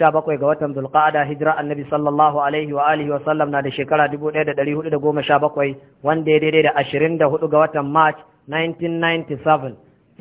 17 ga watan Zulqa'ada hijira Annabi sallallahu alaihi wa alihi wa sallam na da shekara 1417 wanda ya daidai da 24 ga watan March 1997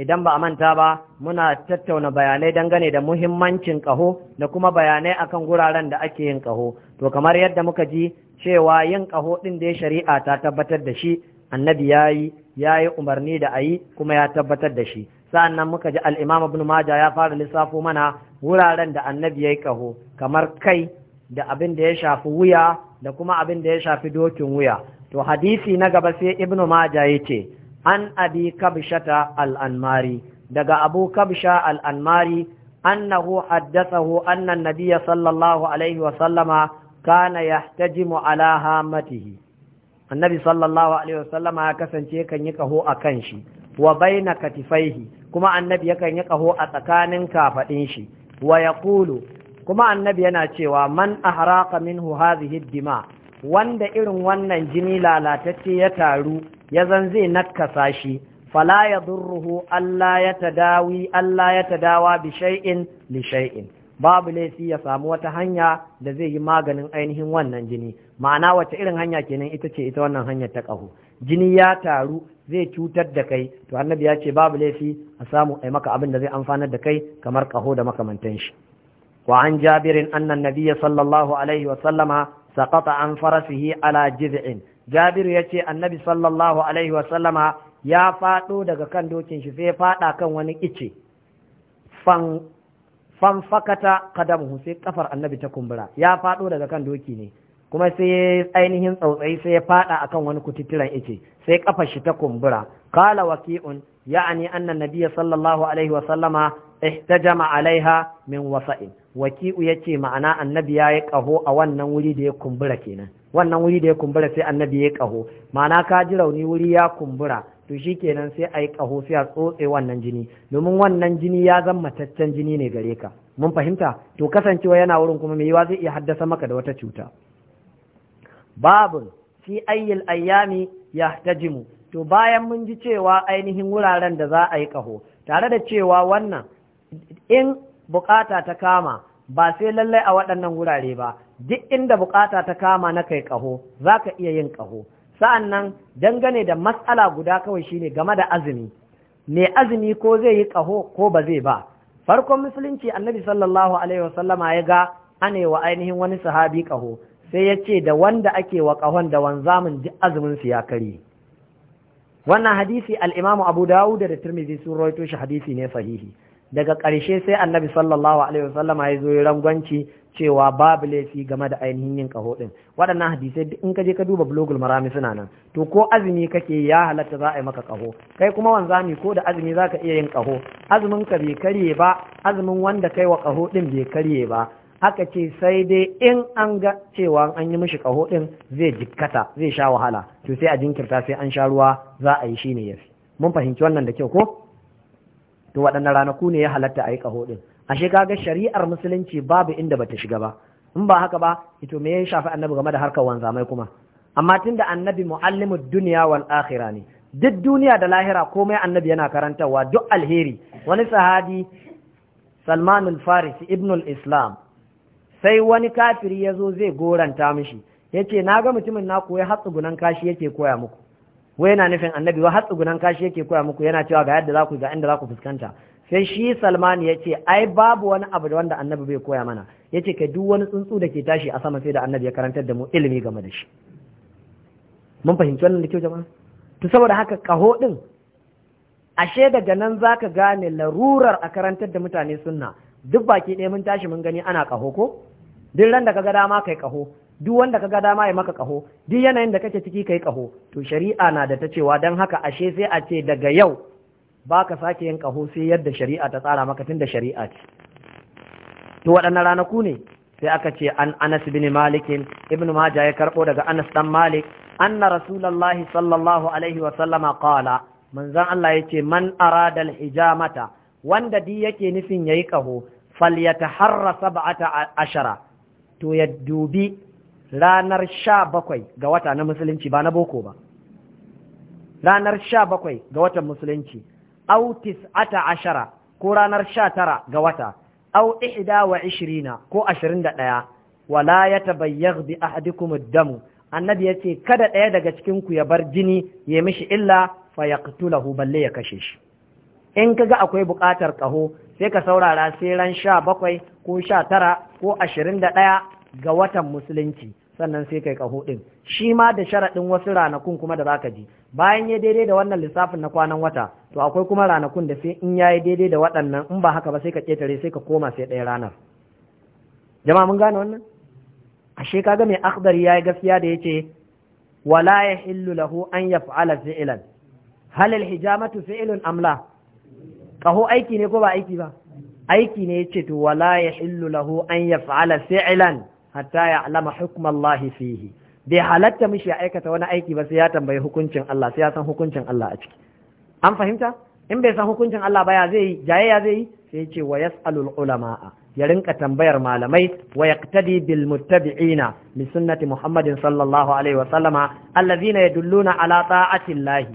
idan ba a manta ba muna tattauna bayanai dangane da muhimmancin kaho da kuma bayanai akan guraren da ake yin kaho to kamar yadda muka ji cewa yin kaho din da ya shari'a ta tabbatar da shi Annabi yayi yayi umarni da ayi kuma ya tabbatar da shi sa'an muka ji al'imam ibn maja ya fara lissafo mana wuraren da annabi ya yi ƙaho kamar kai da abin da ya shafi wuya da kuma abin da ya shafi dokin wuya to hadisi na gaba sai ibn maja ya ce an abi kabshata al'anmari daga abu kabsha al'anmari annahu haddathahu annan nabiyya sallallahu alaihi wa sallama kana yahtajimu ala hamatihi annabi sallallahu alaihi wa ya kasance kan yi kaho a kan shi wa baina katifaihi kuma annabi yakan yi kaho a tsakanin kafaɗin shi wa kulu, kuma annabi yana cewa man ahraqa minhu hadhihi dima wanda irin wannan jini lalatacce ya taru ya zan zai nakasa shi fala ya alla yatadawi ya yatadawa bi shay'in li shay'in babu laifi ya samu wata hanya da zai yi maganin ainihin wannan jini ma'ana wace irin hanya kenan ita ce ita wannan hanyar ta ƙaho jini ya taru zai cutar da kai to annabi ya ce babu laifi a samu ai maka abin da zai amfanar da kai kamar ƙaho da makamantan shi wa an jabirin annan nabiyya sallallahu alaihi wa sallama saqata an farasihi ala jiz'in jabir ya ce annabi sallallahu alaihi wa sallama ya fado daga kan dokin shi sai fada kan wani ice fan fanfakata kadamu sai kafar annabi ta kumbura ya fado daga kan doki ne kuma sai ya ainihin tsautsayi sai ya fada akan wani kututturan ice sai kafa shi ta kumbura Kala qala ya ya'ani anna nabiya sallallahu alaihi wa sallama ihtajama alaiha min wasa'in ya ce ma'ana annabi yi kaho a wannan wuri da ya kumbura kenan wannan wuri da ya kumbura sai annabi ya kaho ma'ana ka ji rauni wuri ya kumbura to shi kenan sai ayi kaho sai a tsotse wannan jini domin wannan jini ya zama mataccen jini ne gare ka mun fahimta to kasancewa yana wurin kuma mai yiwa zai iya haddasa maka da wata cuta babun fi ayyil ayyami yahtajimu to bayan mun ji cewa ainihin wuraren da za a yi kaho, tare da cewa wannan in bukata ta kama ba sai lallai a waɗannan wurare ba duk inda bukata ta kama na kai kaho, za ka iya yin kaho. sa'an nan dangane da matsala guda kawai shine game da azumi me azumi ko zai yi kaho ko ba zai ba farkon musulunci annabi sallallahu alaihi wasallama ya ga anewa wa ainihin wani sahabi kaho. sai ya ce da wanda ake wa ƙahon da wanzamin ji azumin su ya karye wannan hadisi al'imamu abu dawud da tirmidhi sun roito shi hadisi ne sahihi daga ƙarshe sai annabi sallallahu alaihi wasallam ya zo ya rangwanci cewa babu laifi game da ainihin yin kaho din waɗannan hadisai in ka je ka duba blogul marami suna nan to ko azumi kake ya halatta za a yi maka kaho kai kuma wanzami ko da azumi za ka iya yin ƙaho azumin ka bai karye ba azumin wanda kai wa ƙaho din bai karye ba Haka ce sai dai in an ga cewa an yi mishi kaho din zai jikkata zai sha wahala to sai a jinkirta sai an sha ruwa za a yi shi ne yafi mun fahimci wannan da kyau ko to waɗanne ranaku ne ya halatta a yi kaho din ashe kaga shari'ar musulunci babu inda bata shiga ba in ba haka ba ito me ya shafi annabi game da harkar wanzamai kuma amma tunda annabi muallimud dunya wal akhirah ne duk duniya da lahira komai annabi yana karantarwa duk alheri wani sahadi Salman farisi ibn al-Islam sai wani kafiri ya zo zai goranta mishi ya ce na ga mutumin na koya hatsu gunan kashi yake koya muku wai yana nufin annabi wa hatsu gunan kashi yake koya muku yana cewa ga yadda za ku ga inda za ku fuskanta sai shi salman ya ce ai babu wani abu da wanda annabi bai koya mana ya ce ka duk wani tsuntsu da ke tashi a sama sai da annabi ya karantar da mu ilimi game da shi mun fahimci wannan da kyau jama'a to saboda haka kaho din ashe daga nan zaka gane larurar a karantar da mutane sunna duk baki ɗaya mun tashi mun gani ana kaho ko duk ran da kaga dama kai kaho duk wanda kaga dama ya maka kaho duk yanayin da kake ciki kai kaho to shari'a na da ta cewa dan haka ashe sai a ce daga yau baka sake yin kaho sai yadda shari'a ta tsara maka tunda shari'a ce to waɗannan ranaku ne sai aka ce an Anas bin Malik ibn Majah ya karbo daga Anas dan Malik anna Rasulullah sallallahu alaihi wa sallama qala manzon Allah yace man arada al-hijamata wanda di yake nufin yayi kaho falyataharra sab'ata ashara to ya dubi ranar sha bakwai ga wata na musulunci ba na boko ba ranar sha bakwai ga watan musulunci au tis'ata ashara ko ranar sha tara ga wata au ihda wa ishirina ko ashirin da ɗaya wala ya tabayyar bi ahadikum damu annabi ya ce kada ɗaya daga cikin ku ya bar jini ya mishi illa fa yaqtulahu balle ya kashe shi in kaga akwai buƙatar ƙaho sai ka saurara sai ran sha bakwai ko sha tara ko ashirin da ɗaya ga watan musulunci sannan sai kai kaho ɗin shi ma da sharaɗin wasu ranakun kuma da zaka ji bayan ya daidai da wannan lissafin na kwanan wata to akwai kuma ranakun da sai in ya yi daidai da waɗannan in ba haka ba sai ka ƙetare sai ka koma sai ɗaya ranar jama'a mun gane wannan ashe kaga mai akhdar yi gaskiya da ya ce, wala yahillu lahu an yaf'ala fi'lan hal al hijamatu fi'lun am la kaho aiki ne ko ba aiki ba aiki ne yace to wala yahillu lahu an yaf'ala fi'lan hatta ya'lama hukm Allah fihi bai halatta mishi ya aikata wani aiki ba sai ya tambayi hukuncin Allah sai ya san hukuncin Allah a ciki an fahimta in bai san hukuncin Allah ba ya zai yi zai yi sai ce wa yas'alul ulama ya rinka tambayar malamai wa yaqtadi bil muttabi'ina li sunnati Muhammadin sallallahu alaihi wa sallama allazina yadulluna ala ta'ati Allah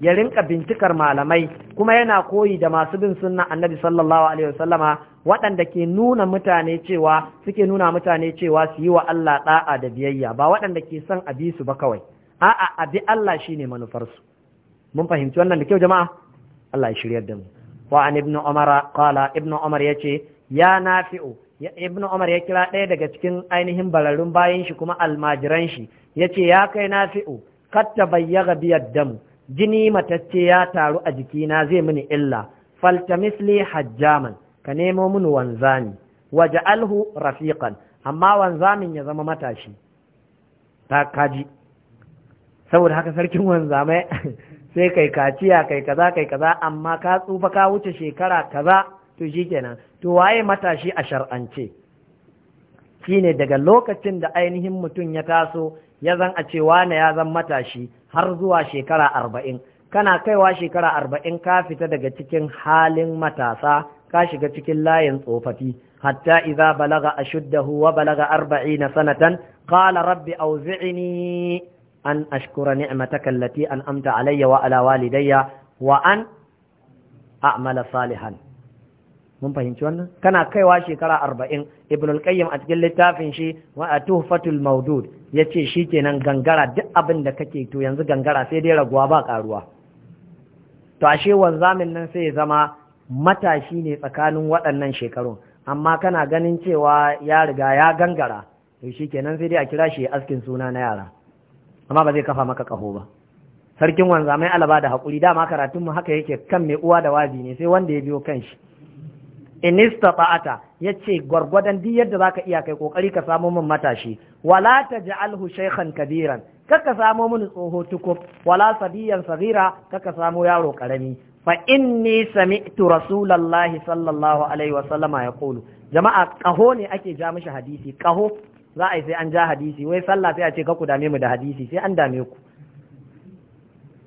ya rinka bincikar malamai kuma yana koyi da masu bin sunna annabi sallallahu alaihi wasallama waɗanda ke nuna mutane cewa suke nuna mutane cewa su yi wa Allah da'a da biyayya ba waɗanda ke son a bi su ba kawai a'a a bi Allah shine manufarsu mun fahimci wannan da kyau jama'a Allah ya shiryar da mu wa an ibnu umara qala ibnu umar yace ya nafi'u ibnu umar ya kira ɗaya daga cikin ainihin bararrun bayan shi kuma almajiran shi yace ya kai nafi'u katta biyar biyad damu jini matacce ya taru a jikina zai mini illa faltamisli hajjaman ka nemo mini wanzami waje alhu rafiqan amma wanzamin ya zama matashi ta kaji saboda haka sarkin wanzamai sai kai kaciya kai kaza kai kaza amma ka tsufa ka wuce shekara kaza to shikenan to waye matashi a shar'ance shine daga lokacin da ainihin mutum ya taso ya zan a cewa na ya zan matashi har zuwa shekara arba'in kana kaiwa shekara arba'in ka fita daga cikin halin matasa ka shiga cikin layin tsofaffi hatta iza balaga ashuddahu wa balaga na sanatan kala rabbi auzi'ini an ashkura kallati an an'amta alayya wa ala walidayya wa an a'mala salihan mun fahimci wannan kana kaiwa shekara arba'in ibn al a cikin littafin shi wa a tuhfatul maudud ya ce shi kenan gangara duk abin da kake to yanzu gangara sai dai raguwa ba karuwa to ashe wanzamin nan sai ya zama matashi ne tsakanin waɗannan shekarun amma kana ganin cewa ya riga ya gangara to shi kenan sai dai a kira shi askin suna na yara amma ba zai kafa maka ƙaho ba sarkin wanzamai alaba da haƙuri dama karatunmu haka yake kan mai uwa da wazi ne sai wanda ya biyo kan shi in istata'ata yace gwargwadon duk yadda zaka iya kai kokari ka samo min matashi wala taj'alhu shaykhan kabiran kaka samo min tsoho tuko wala sabiyan Sabira kaka samo yaro karami fa inni sami'tu rasulallahi sallallahu alaihi wa sallama yaqulu jama'a kaho ne ake ja mishi hadisi kaho za a yi sai an ja hadisi wai sallah sai a ce ka ku dame mu da hadisi sai an dame ku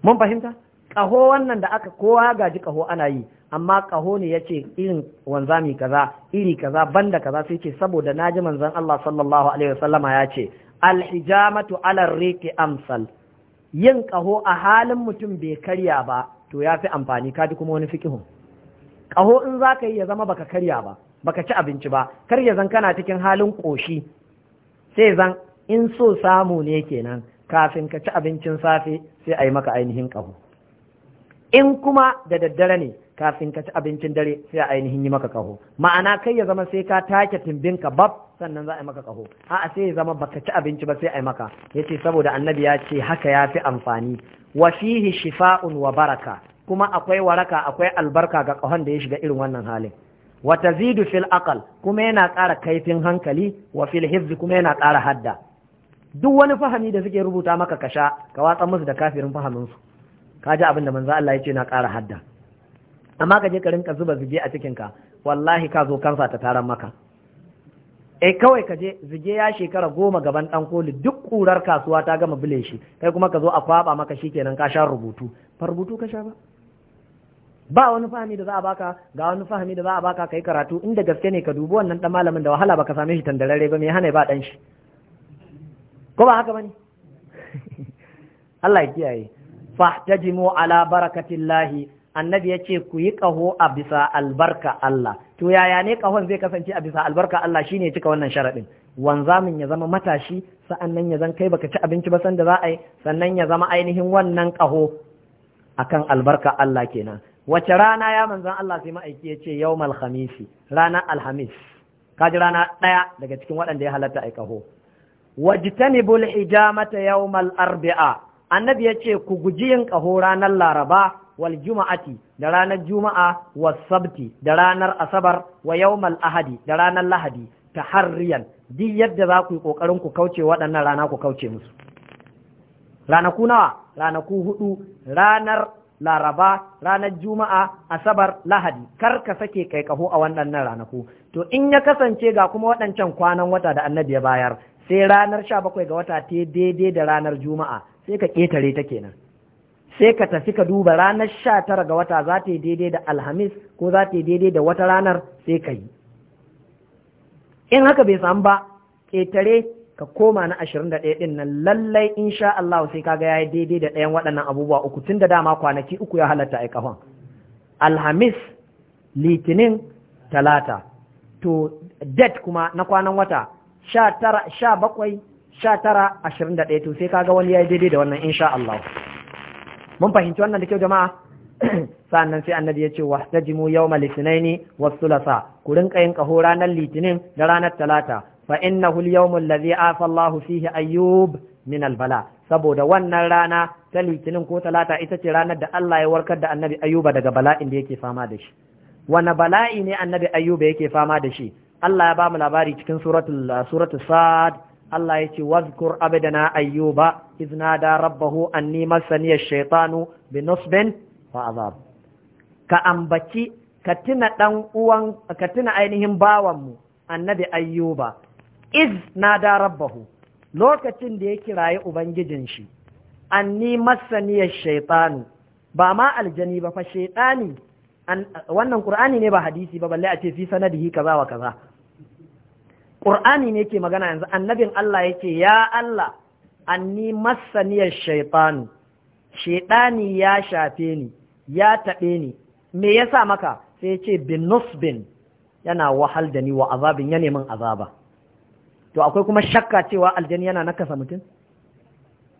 mun fahimta kaho wannan da aka kowa gaji kaho ana yi amma ƙaho ne ya ce irin wanzami kaza iri kaza banda kaza sai ce saboda na ji manzon Allah sallallahu alaihi wasallama ya ce alhijamatu ala riqi amsal yin ƙaho a halin mutum bai karya ba to ya fi amfani ka ji kuma wani fikihun ƙaho in za ka yi ya zama baka karya ba baka ci abinci ba kar ya zan kana cikin halin ƙoshi sai zan in so samu ne kenan kafin ka ci abincin safe sai a yi maka ainihin ƙaho in kuma da daddare ne kafin ka ci abincin dare sai a ainihin yi maka kaho ma'ana kai ya zama sai ka take timbin ka bab sannan za a yi maka kaho a'a sai ya zama baka ci abinci ba sai a yi maka ce saboda annabi ya ce haka ya fi amfani wa fihi shifa'un wa baraka kuma akwai waraka akwai albarka ga kahon da ya shiga irin wannan halin wa tazidu fil aqal kuma yana ƙara kaifin hankali wa fil hifzi kuma yana ƙara hadda duk wani fahami da suke rubuta maka kasha ka watsa musu da kafirin fahaminsu ka ji abin da manzo Allah ya ce na ƙara hadda amma ka je ka rinka zuba zuge a cikin ka wallahi ka zo kansa ta taran maka eh kawai ka je zige ya shekara goma gaban dan koli duk kurar kasuwa ta gama bile shi kai kuma ka zo a kwaba maka shikenan ka sha rubutu fa rubutu ka sha ba ba wani fahimi da za a baka ga wani fahimi da za a baka kai karatu inda gaske ne ka dubi wannan dan malamin da wahala baka same shi tandarare ba me hana ba dan shi ko ba haka bane Allah ya kiyaye fahtajimu ala barakatillahi annabi ya ce ku yi ƙaho a bisa albarka Allah to yaya ne ƙahon zai kasance a bisa albarka Allah shine cika wannan sharaɗin wanzamin ya zama matashi sa'annan ya zan kai baka ci abinci ba sanda za a yi sannan ya zama ainihin wannan ƙaho akan albarka Allah kenan wace rana ya manzan Allah sai ma'aiki ya ce yawmal khamisi ranar alhamis ji rana ɗaya daga cikin waɗanda ya halatta a ƙaho wajtanibul hijamata yawmal arbi'a annabi ya ce ku guji yin ƙaho ranar laraba wal juma'ati da ranar juma'a was sabti da ranar asabar wa yawmal ahadi da ranar lahadi ta harriyan duk yadda za ku yi ƙoƙarin ku kauce waɗannan rana ku kauce musu ranaku nawa ranaku hudu ranar laraba ranar juma'a asabar lahadi kar ka sake kai ƙaho a waɗannan ranaku to in ya kasance ga kuma waɗancan kwanan wata da annabi ya bayar sai ranar sha bakwai ga wata ta daidai da ranar juma'a sai ka ƙetare ta kenan sai ka tafi ka duba ranar sha tara ga wata za ta yi daidai da alhamis ko za ta yi daidai da wata ranar sai ka yi in haka bai samu ba ƙetare ka koma na ashirin da ɗaya ɗin nan lallai in sha Allah sai kaga ya yi daidai da ɗayan waɗannan abubuwa uku tun da dama kwanaki uku ya halatta a kafan alhamis litinin talata to det kuma na kwanan wata sha bakwai sha ashirin da ɗaya to sai kaga wani ya yi daidai da wannan insha Allah mun fahimci wannan da kyau jama'a sannan sai annabi ya ce wa tajimu yawma Litinin wa thulatha ku rinka yin kaho ranar litinin da ranar talata fa innahu al-yawmu alladhi afa Allahu fihi ayyub min al-bala saboda wannan rana ta litinin ko talata ita ce ranar da Allah ya warkar da annabi ayyuba daga bala'in da yake fama da shi wani bala'i ne annabi ayyuba yake fama da shi Allah ya ba mu labari cikin suratul suratul sad Allah ya ce wazkur abdana ayyuba izna da rabbahu anni masani ash-shaytanu bi nusbin fa azab ka ambaci ka tuna dan uwan ka tuna ainihin bawan mu annabi ayyuba iz nada rabbahu lokacin da ya kiraye ubangijin shi anni saniya shaitanu ba ma aljani ba fa shaitani wannan qur'ani ne ba hadisi ba balle a ce fi sanadihi kaza wa kaza ƙur'ani ne yake magana yanzu annabin Allah yake ya Allah anni masaniyar shaiɗanu. Shaiɗani ya shafe ni ya taɓe ni me yasa maka sai ce bin nusbin yana wahal da ni wa azabin ya neman azaba to akwai kuma shakka cewa aljani yana nakasa mutum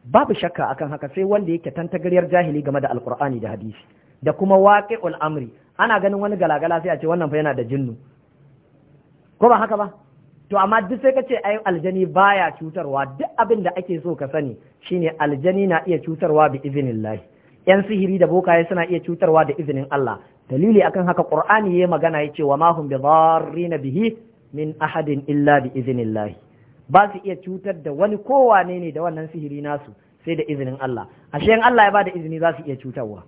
babu shakka akan haka sai wanda yake tantagariyar jahili game da alkur'ani da hadisi da kuma waqi'ul amri ana ganin wani galagala sai a ce wannan fa yana da jinnu ko ba haka ba to amma duk sai ka ce ai aljani baya cutarwa duk abin da ake so ka sani shine aljani na iya cutarwa bi Allah yan sihiri da bokaye suna iya cutarwa da izinin Allah dalili akan haka qur'ani yayi magana yace wa ma hum bi darrin bihi min ahadin illa bi Allah ba su iya cutar da wani kowane ne da wannan sihiri nasu sai da izinin Allah ashe in Allah ya bada izini za su iya cutarwa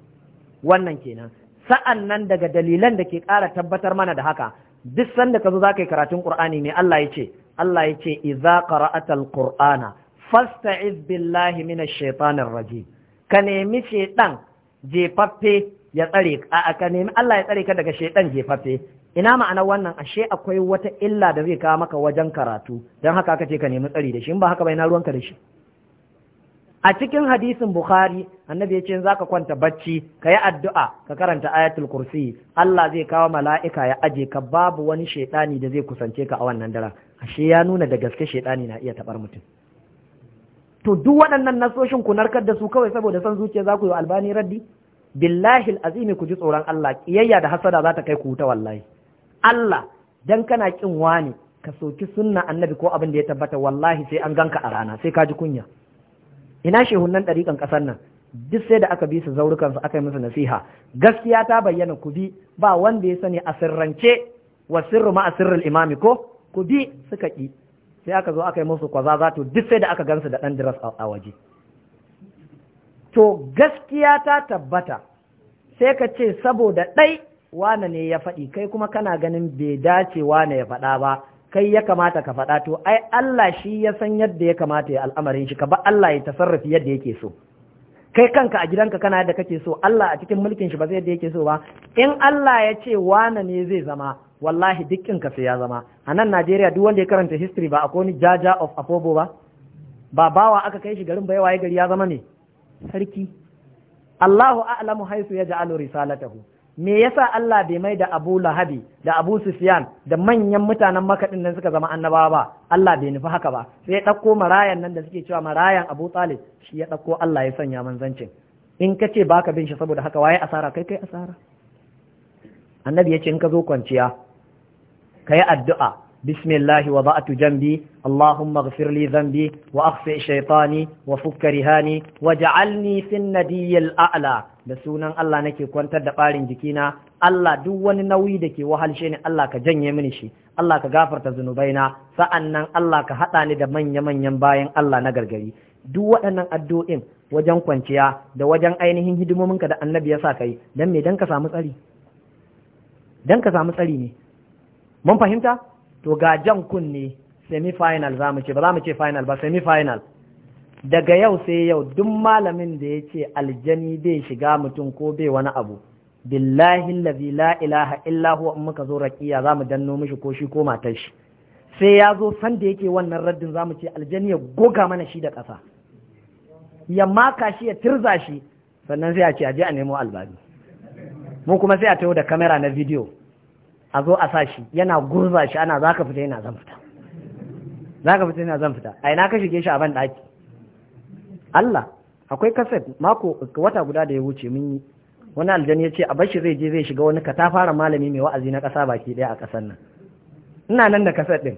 wannan kenan sa'an nan daga dalilan da ke ƙara tabbatar mana da haka duk sanda ka zo za ka yi karatun ƙur'ani ne Allah ya ce Allah ya ce idza qara'atal qur'ana fasta'iz billahi minash shaitanir rajim ka nemi shaitan jefaffe ya tsare a ka nemi Allah ya tsare ka daga shaitan jefaffe ina ma'ana wannan ashe akwai wata illa da zai kawo maka wajen karatu don haka ka ce ka nemi tsari da shi in ba haka bai na ruwanka da shi a cikin hadisin bukhari annabi yace za ka kwanta bacci ka yi addu'a ka karanta ayatul kursi Allah zai kawo mala'ika ya aje ka babu wani shaidani da zai kusance ka a wannan daren ashe ya nuna da gaske shaidani na iya tabar mutum to duk waɗannan nasoshin ku narkar da su kawai saboda san zuciya za ku yi albani raddi billahi azimi ku ji tsoron Allah kiyayya da hasada za ta kai ku wuta wallahi Allah dan kana kin wani ka soki sunna annabi ko abin da ya tabbata wallahi sai an ganka a rana sai ka ji kunya ina shehunan ɗariƙan ƙasar nan duk sai da aka bi su zaurukan su aka yi musu nasiha gaskiya ta bayyana ku bi ba wanda ya sani a sirrance wa sirru ma sirrul imami ko ku bi suka ki sai aka zo aka yi musu kwazaza to duk sai da aka gansu da ɗan diras a waje to gaskiya ta tabbata sai ka ce saboda ɗai wane ne ya faɗi kai kuma kana ganin bai dace wane ya faɗa ba kai ya kamata ka faɗa to ai Allah shi ya san yadda ya kamata ya al'amarin shi ka ba Allah ya tasarrafi yadda yake so kai kanka a gidanka kana yadda kake so Allah a cikin mulkin shi ba zai yadda yake so ba in Allah ya ce wane ne zai zama wallahi dukkin ka sai ya zama a nan Najeriya duk wanda ya karanta history ba akwai ni jaja of afobo ba ba bawa aka kai shi garin baiwaye gari ya zama ne sarki Allahu a'lamu haisu ya risalatahu me yasa Allah bai mai da Abu Lahabi da Abu Sufyan da manyan mutanen Makka din nan suka zama annabawa ba Allah bai nufi haka ba sai ya dauko marayan nan da suke cewa marayan Abu Talib shi ya dauko Allah ya sanya manzancin in ka ce baka bin shi saboda haka waye asara kai kai asara annabi ya ce in ka zo kwanciya ka yi addu'a بسم الله وضعت جنبي اللهم اغفر لي ذنبي وأخفئ شيطاني وفك رهاني واجعلني في الندي الأعلى da sunan Allah nake kwantar da ɓarin jikina Allah duk wani nauyi da ke wahalshe ni Allah ka janye mini shi Allah ka gafarta zunubaina sa'annan Allah ka haɗa ni da manya-manyan bayan Allah na gargari duk waɗannan addu'in wajen kwanciya da wajen ainihin hidimominka da annabi ya sa ka yi don me don ka samu tsari don ka samu tsari ne mun fahimta to ga jan kunne semi-final za mu ce ba za mu ce final ba semi-final daga yau sai yau duk malamin da ya ce aljani bai shiga mutum ko bai wani abu billahi lazi la ilaha illa huwa in muka zo raqiya za mu danno mishi ko shi ko matar shi sai ya zo san da yake wannan raddin za mu ce aljani ya goga mana shi da ƙasa ya maka shi ya tirza shi sannan sai a ce a je a nemo albabi mu kuma sai a tayo da kamera na bidiyo a zo a sashi yana gurza shi ana za ka fita yana zan fita za ka fita yana zan fita a ina ka shige shi a ban daki Allah akwai kaset mako wata guda da ya wuce mun yi wani aljan ya ce a bashi zai je zai shiga wani katafara malami mai wa'azi na kasa baki ɗaya a kasar nan ina nan da kaset ɗin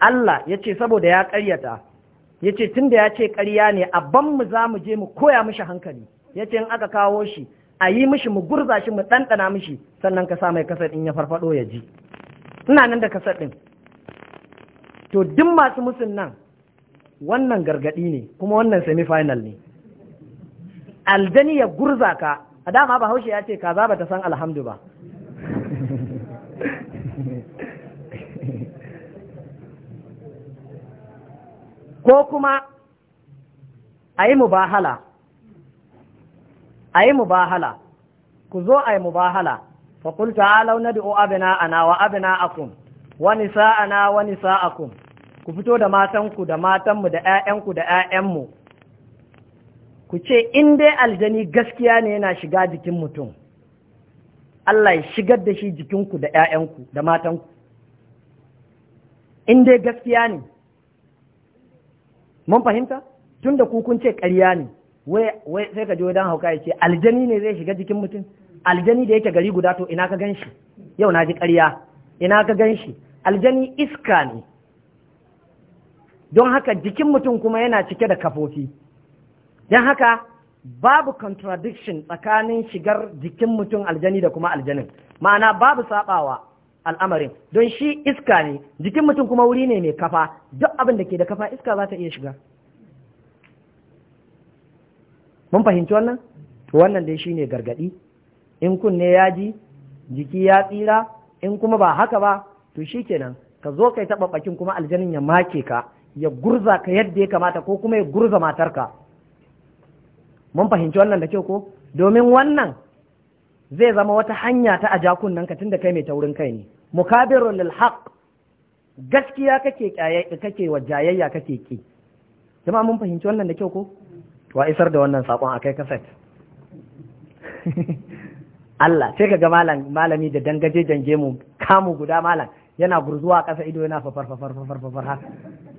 Allah ya ce saboda ya karyata ya ce tun da ya ce karya ne a ban mu za mu je mu koya mishi hankali ya ce in aka kawo shi a yi mishi mu gurza shi mu ɗanɗana mishi sannan ka sa mai kasar ɗin ya farfaɗo ya ji ina nan da kasar ɗin to duk masu musun nan wannan gargaɗi ne kuma wannan semi final ne aljani ya gurza ka a dama bahaushe ya ce kaza ba ta san alhamdu ba ko kuma a yi mu mubahala a yi mubahala ku zo a yi mubahala fa qul ta'alu abina ana wa abna'akum wa nisa'ana wa nisa'akum ku fito da matanku da matanmu da 'ya'yanku da 'ya'yanmu ku ce in dai aljani gaskiya ne yana shiga jikin mutum Allah ya shigar da shi jikinku da 'ya'yanku da matanku in dai gaskiya ne mun fahimta tun da kun ce ƙarya ne wai sai ka ji wajen hauka ya ce aljani ne zai shiga jikin mutum aljani da yake gari guda to ina ka gan shi yau na ji ƙarya ina ka gan shi aljani iska ne don haka jikin mutum kuma yana cike da kafofi don haka babu contradiction tsakanin shigar jikin mutum aljani da kuma aljanin ma'ana babu sabawa al'amarin don shi iska ne jikin mutum kuma wuri ne mai kafa duk abin da ke da kafa iska za ta iya shiga mun fahimci wannan to wannan dai shine gargadi in kunne ya ji jiki ya tsira in kuma ba haka ba to shikenan ka zo kai taɓa bakin kuma aljanin ya make ka ya gurza ka yadda ya kamata ko kuma ya gurza matarka mun fahimci wannan da kyau ko domin wannan zai zama wata hanya ta aja kunnen ka tunda kai mai taurin kai ne mukabirun lil gaskiya kake kake wa jayayya kake ki jama'a mun fahimci wannan da kyau ko wa isar da wannan sakon kai kaset Allah sai ka ga malami da dangaje dange mu kamu guda malam yana gurzuwa ƙasa ido yana fafar fafar fafar fafar haka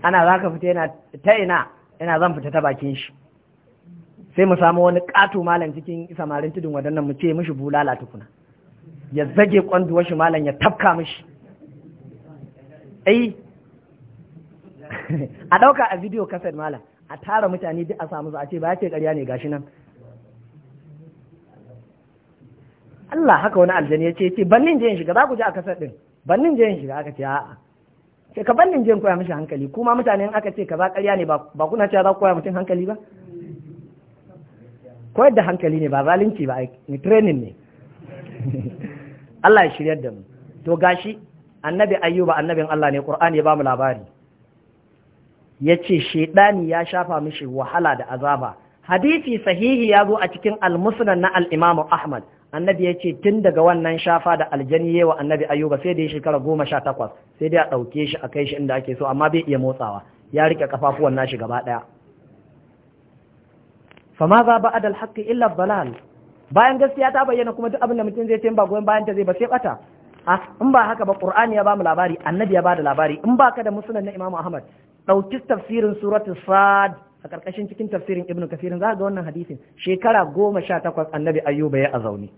ana za ka fita yana ta ina yana zan fita ta bakin shi sai mu samu wani ƙato malam cikin samarin tudun waɗannan mu ce mishi bulala tukuna ya zage kwanduwar shi malam ya tafka mishi eh? ai a ɗauka a bidiyo kaset malam a tara mutane duk a samu su a ce ba ya ce ƙarya ne gashi nan Allah haka wani aljani ya ce ce bannin je shiga za ku ji a kasar din bannin je shiga aka ce a'a ce ka bannin je in koya mishi hankali kuma mutane aka ce ka za ƙarya ne ba kuna cewa za ku koya mutum hankali ba koyar da hankali ne ba zalunci ba ni training ne Allah ya shiryar da mu to gashi annabi ayyuba annabin Allah ne qur'ani ya ba mu labari ya ce shaidani ya shafa mishi wahala da azaba hadisi sahihi ya zo a cikin almusnan na al'imamu ahmad annabi ya ce tun daga wannan shafa da aljani ya wa annabi ayuba sai da ya shekara goma sha takwas sai da ya ɗauke shi a kai shi inda ake so amma bai iya motsawa ya rike kafafuwan nashi gaba ɗaya fama za ba adal haƙƙi illa balal bayan gaskiya ta bayyana kuma duk abin da mutum zai ce ba goyon bayan ta zai ba sai bata ah, in ba haka ba qur'ani ya ba mu labari annabi ya ba da labari in ba ka da musnad na imamu ahmad ɗauki tafsirin suratu sad a ƙarƙashin cikin tafsirin ibnu kafirin za ga wannan hadisin shekara goma sha takwas annabi ayyuba ya azauni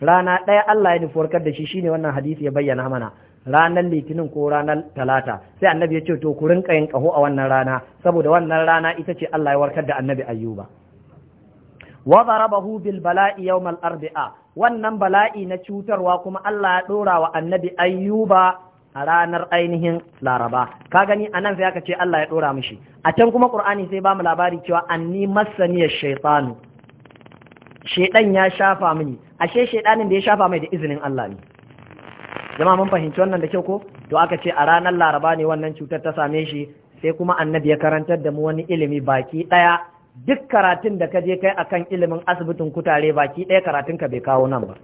rana ɗaya Allah ya nufarkar da shi shine wannan hadisi ya bayyana mana ranar litinin ko ranar talata sai annabi ya ce to ku rinka yin ƙaho a wannan rana saboda wannan rana ita ce Allah ya warkar da annabi ayyuba wa darabahu bil bala'i yawmal arbi'a wannan bala'i na cutarwa kuma Allah ya dora wa annabi ayyuba a ranar ainihin laraba ka gani a nan sai aka ce Allah ya ɗora mishi a can kuma ƙur'ani sai ba mu labari cewa anni masaniyar shaitanu shaitan ya shafa mini ashe shaitanin da ya shafa mai da izinin Allah ne jama'a mun fahimci wannan da kyau ko to aka ce a ranar laraba ne wannan cutar ta same shi sai kuma annabi ya karantar da mu wani ilimi baki ɗaya duk karatun da ka je kai akan ilimin asibitin kutare baki ɗaya karatun ka bai kawo nan ba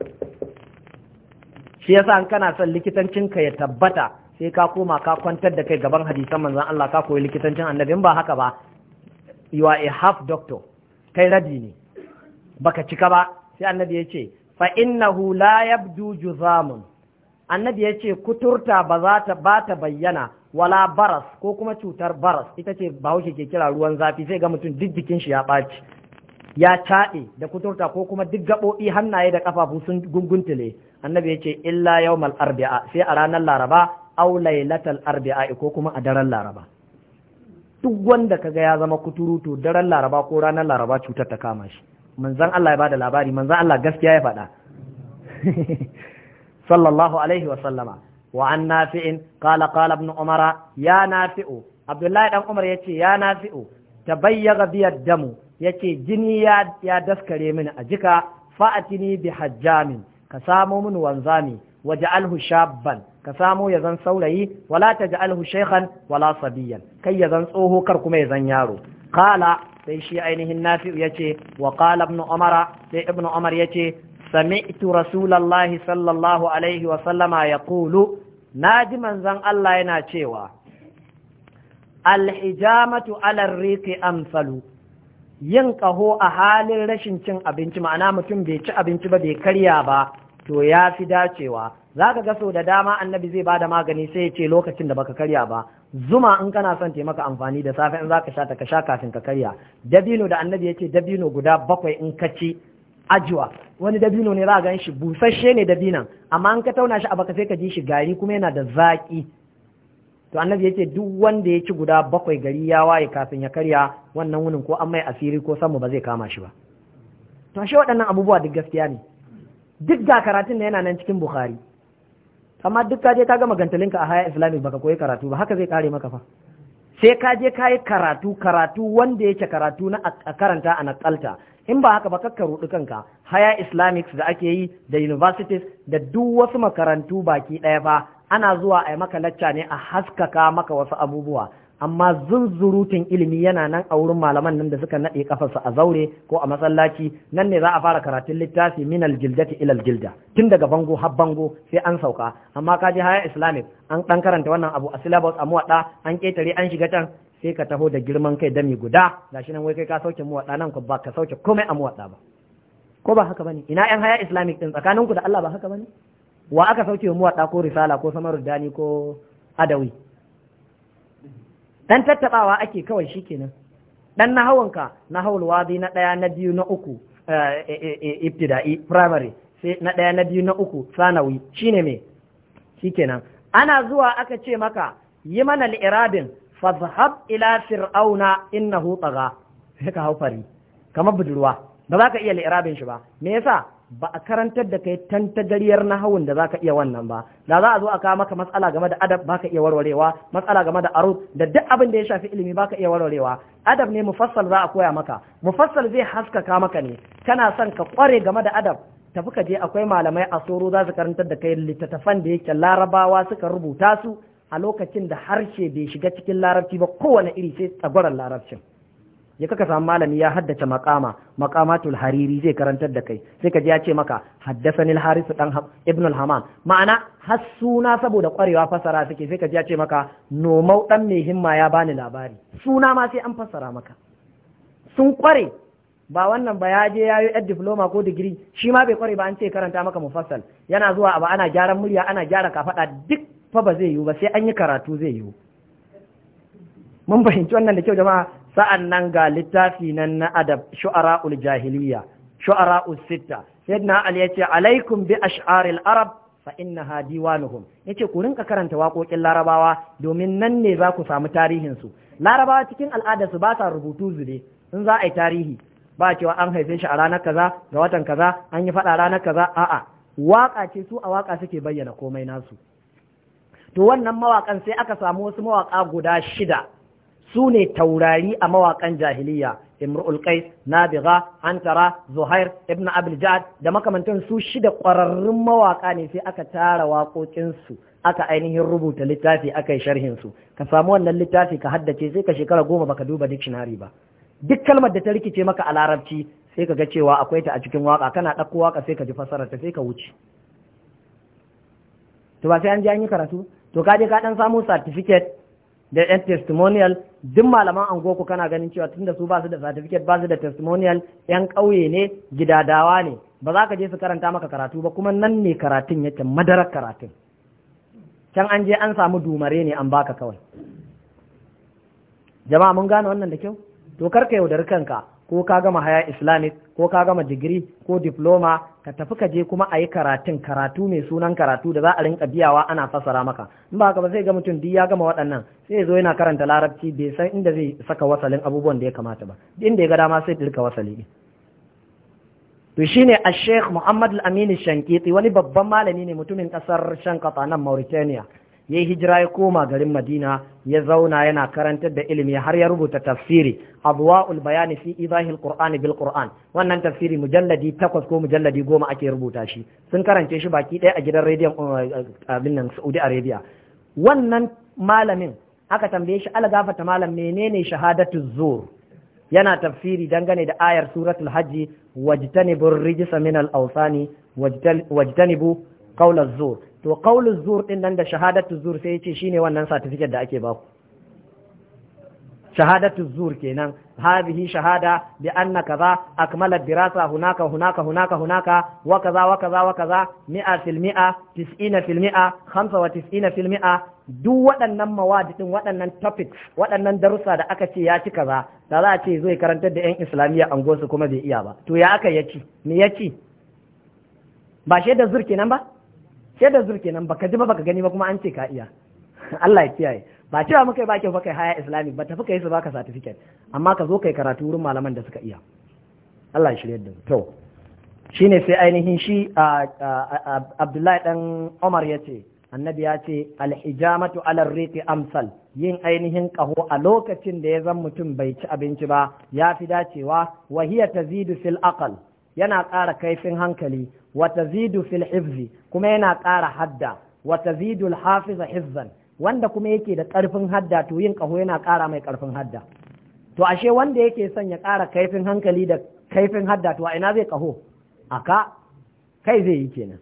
shi yasa an kana son likitancinka ya tabbata sai ka koma ka kwantar da kai gaban hadisan manzon Allah ka koyi likitancin annabi ba haka ba you are a half doctor kai rabi ne baka cika ba sai annabi ya ce fa innahu la yabdu juzamun annabi ya ce kuturta ba za ta ba ta bayyana wala baras ko kuma cutar baras ita ce bahaushe ke kira ruwan zafi sai ga mutum duk jikin shi ya ɓaci ya taɗe da kuturta ko kuma duk gaɓoɓi hannaye da ƙafafu sun gunguntule annabi ya ce illa yawmal arbi'a sai a ranar laraba aw lailatal arbi'a ko kuma a daren laraba duk wanda kaga ya zama kuturu to daren laraba ko ranar laraba cutar ta kama shi manzon Allah ya bada labari manzon Allah gaskiya ya faɗa sallallahu alaihi wa sallama wa an nafi'in qala qala ibn umara ya nafi'u abdullahi dan umar yace ya nafi'u tabayyaga biyad damu yace jini ya ya daskare mini a jika fa'atini bi hajjamin ka samo mini wanzami waj'alhu shabban ka samo ya zan saurayi wala taj'alhu shaykhan wala sabiyan kai ya zan tsoho kar kuma ya zan yaro qala sai shi ainihin nafi'u yace wa qala ibn umara sai ibn umar yace sami'tu rasulallahi sallallahu alaihi wa sallama yaqulu naji manzon Allah yana cewa alhijamatu ala riqi amsalu yin ƙaho a halin rashin cin abinci ma'ana mutum bai ci abinci ba bai karya ba to ya fi dacewa za ka ga sau da dama annabi zai ba da magani sai ya ce lokacin da baka karya ba zuma in kana son taimaka amfani da safe in za ka sha ta ka sha kafin ka karya dabino da annabi ya ce dabino guda bakwai in ka ci ajiwa wani dabino ne za a gan shi busasshe ne dabinan amma in ka tauna shi a baka sai ka ji shi gari kuma yana da zaƙi to annabi yace duk wanda ya ci guda bakwai gari ya waye kafin ya karya wannan wunin ko an mai asiri ko samu ba zai kama shi ba to ashe waɗannan abubuwa duk gaskiya ne duk ga karatun da yana nan cikin bukhari amma duk ka je ka gama gantalinka a haya islamic baka koyi karatu ba haka zai kare maka fa sai ka je ka yi karatu karatu wanda yake karatu na a karanta a nakalta in ba haka ba ka rudu kanka haya islamics da ake yi da universities da duk wasu makarantu baki ɗaya ba ana zuwa a maka lacca ne a haskaka maka wasu abubuwa amma zunzurutun ilimi yana nan a wurin malaman nan da suka naɗe kafarsa a zaure ko a masallaci nan ne za a fara karatun littafi min aljildati ila aljilda tun daga bango har bango sai an sauka amma ka ji haya islamic an dan karanta wannan abu a syllabus a muwaɗa an ƙetare, an shiga can sai ka taho da girman kai dami guda gashi nan wai kai ka sauke muwaɗa nan ba ka sauke komai a muwaɗa ba ko ba haka bane ina yan haya islamic din tsakaninku da Allah ba haka bane wa aka sauke mu muwaɗa ko risala ko samarud dani ko adawi dan tattabawa ake kawai shikenan dan na hawul wadi na ɗaya na biyu na uku eh, eh, eh, ibtida'i primary sai na ɗaya na biyu na uku sanawi shine me shikenan ana zuwa aka ce maka yi mana al'irabin fazhab ila fir'auna innahu tagha sai ka haufari kamar budurwa ba za ka iya al'irabin shi ba me yasa ba a karantar da kai tantagariyar nahawun da zaka iya wannan ba da za a zo a kawo maka matsala game da adab baka iya warwarewa matsala game da aro da duk abin da ya shafi ilimi baka iya warwarewa adab ne mufassal za a koya maka mufassal zai haskaka maka ne kana son ka kware game da adab tafi ka je akwai malamai a soro za su karantar da kai littattafan da yake larabawa suka rubuta su a lokacin da harshe bai shiga cikin larabci ba kowane iri sai tsagwaron larabcin ya kaka samu malami ya haddace makama makamatul hariri zai karantar da kai sai ka ji ya ce maka haddasa harisu dan ibn al-haman ma'ana har suna saboda kwarewa fasara suke sai ka ji ya ce maka nomau dan mai himma ya bani labari suna ma sai an fasara maka sun kware ba wannan ba ya je ya yi diploma ko digiri shi ma bai kware ba an ce karanta maka mufassal yana zuwa ba ana gyaran murya ana gyara kafada duk fa ba zai yiwu ba sai an yi karatu zai yiwu mun fahimci wannan da kyau jama'a sa'an nan ga littafi nan na adab Shu'ara shu'ara'ul jahiliya shu'ara'ul sitta sayyidina ali ce alaikum bi ash'aril arab fa innaha Ya ce ku rinka karanta waƙoƙin larabawa domin nan ne za ku samu tarihinsu. larabawa cikin al'adarsu ba sa rubutu zube in za a yi tarihi ba cewa an haife shi a ranar kaza ga watan kaza an yi faɗa ranar kaza a'a waƙa ce su a waƙa suke bayyana komai nasu to wannan mawaƙan sai aka samu wasu mawaƙa guda shida su ne taurari a mawaƙan jahiliya imrul qais nabiga antara zuhair ibn abul da makamantan su shida ƙwararrun mawaƙa ne sai aka tara waƙoƙinsu aka ainihin rubuta littafi aka yi sharhin su ka samu wannan littafi ka haddace sai ka shekara goma baka duba dictionary ba duk kalmar da ta rikice maka a larabci sai ka ga cewa akwai ta a cikin waka kana ɗauko waka sai ka ji fasarar ta sai ka wuce to ba sai an je an yi karatu to ka je ka ɗan samu certificate da yan testimonial duk malaman angoku kana ganin cewa tunda su ba su da certificate ba su da testimonial yan ƙauye ne gidadawa ne ba za ka je su karanta maka karatu ba kuma nan ne karatun yake madarar karatun can an je an samu dumare ne an baka kawai jama'a mun gane wannan da kyau to kar ka yaudari kanka ko ka gama haya islamic ko ka gama digiri ko diploma ka tafi ka je kuma a yi karatun karatu mai sunan karatu da za a rinka biyawa ana fassara maka in ba haka ba sai ga mutum duk ya gama waɗannan sai zo yana karanta larabci bai san inda zai saka wasalin abubuwan da ya kamata ba inda ya ga dama sai dirka wasali to shine a sheikh muhammad al-amin shankiti wani babban malami ne mutumin kasar shankata nan mauritania ya yi hijira ya koma garin madina ya zauna yana karantar da ilimi har ya rubuta tafsiri abuwa, bayani fi izahil qur'ani bil qur'an wannan tafsiri mujalladi takwas ko mujalladi goma ake rubuta shi sun karance shi baki ɗaya a gidan rediyon eh, abin nan saudi arabia wannan malamin aka tambaye shi gafata malam menene shahadatu zur yana tafsiri dangane da ayar suratul hajji wajtanibur rijsa min al-awsani wajtanibu qawla zur to qaulul zur din nan da shahadatu zur sai yace shine wannan certificate da ake baku shahadatu zur kenan hadhihi shahada bi anna kaza akmala dirasa hunaka hunaka hunaka hunaka wa kaza wa kaza wa kaza 100 fil 90 95 duk waɗannan mawadidin waɗannan topics waɗannan darussa da aka ce ya ci kaza da za a ce zai karantar da 'yan islamiyya an gosu kuma bai iya ba to ya aka ya ci me ya ci ba shaidar zur kenan ba shaidar zur kenan baka ji ba baka gani ba kuma an ce ka iya Allah ya kiyaye ba cewa muka yi bakin kai haya islamic ba tafi kai su baka certificate amma ka zo kai karatu wurin malaman da suka iya Allah ya shirye da to shine sai ainihin shi Abdullahi dan Umar yace annabi ya ce alhijamatu ala riti amsal yin ainihin kaho a lokacin da ya zan mutum bai ci abinci ba ya fi dacewa wahiya tazidu fil aqal yana ƙara kaifin hankali wata tazidu fil hifzi kuma yana ƙara hadda wata tazidu hafiza hifzan wanda kuma yake da ƙarfin hadda to yin ƙaho yana ƙara mai ƙarfin hadda to ashe wanda yake son ya ƙara kaifin hankali da kaifin hadda to a ina zai ƙaho ka kai zai yi kenan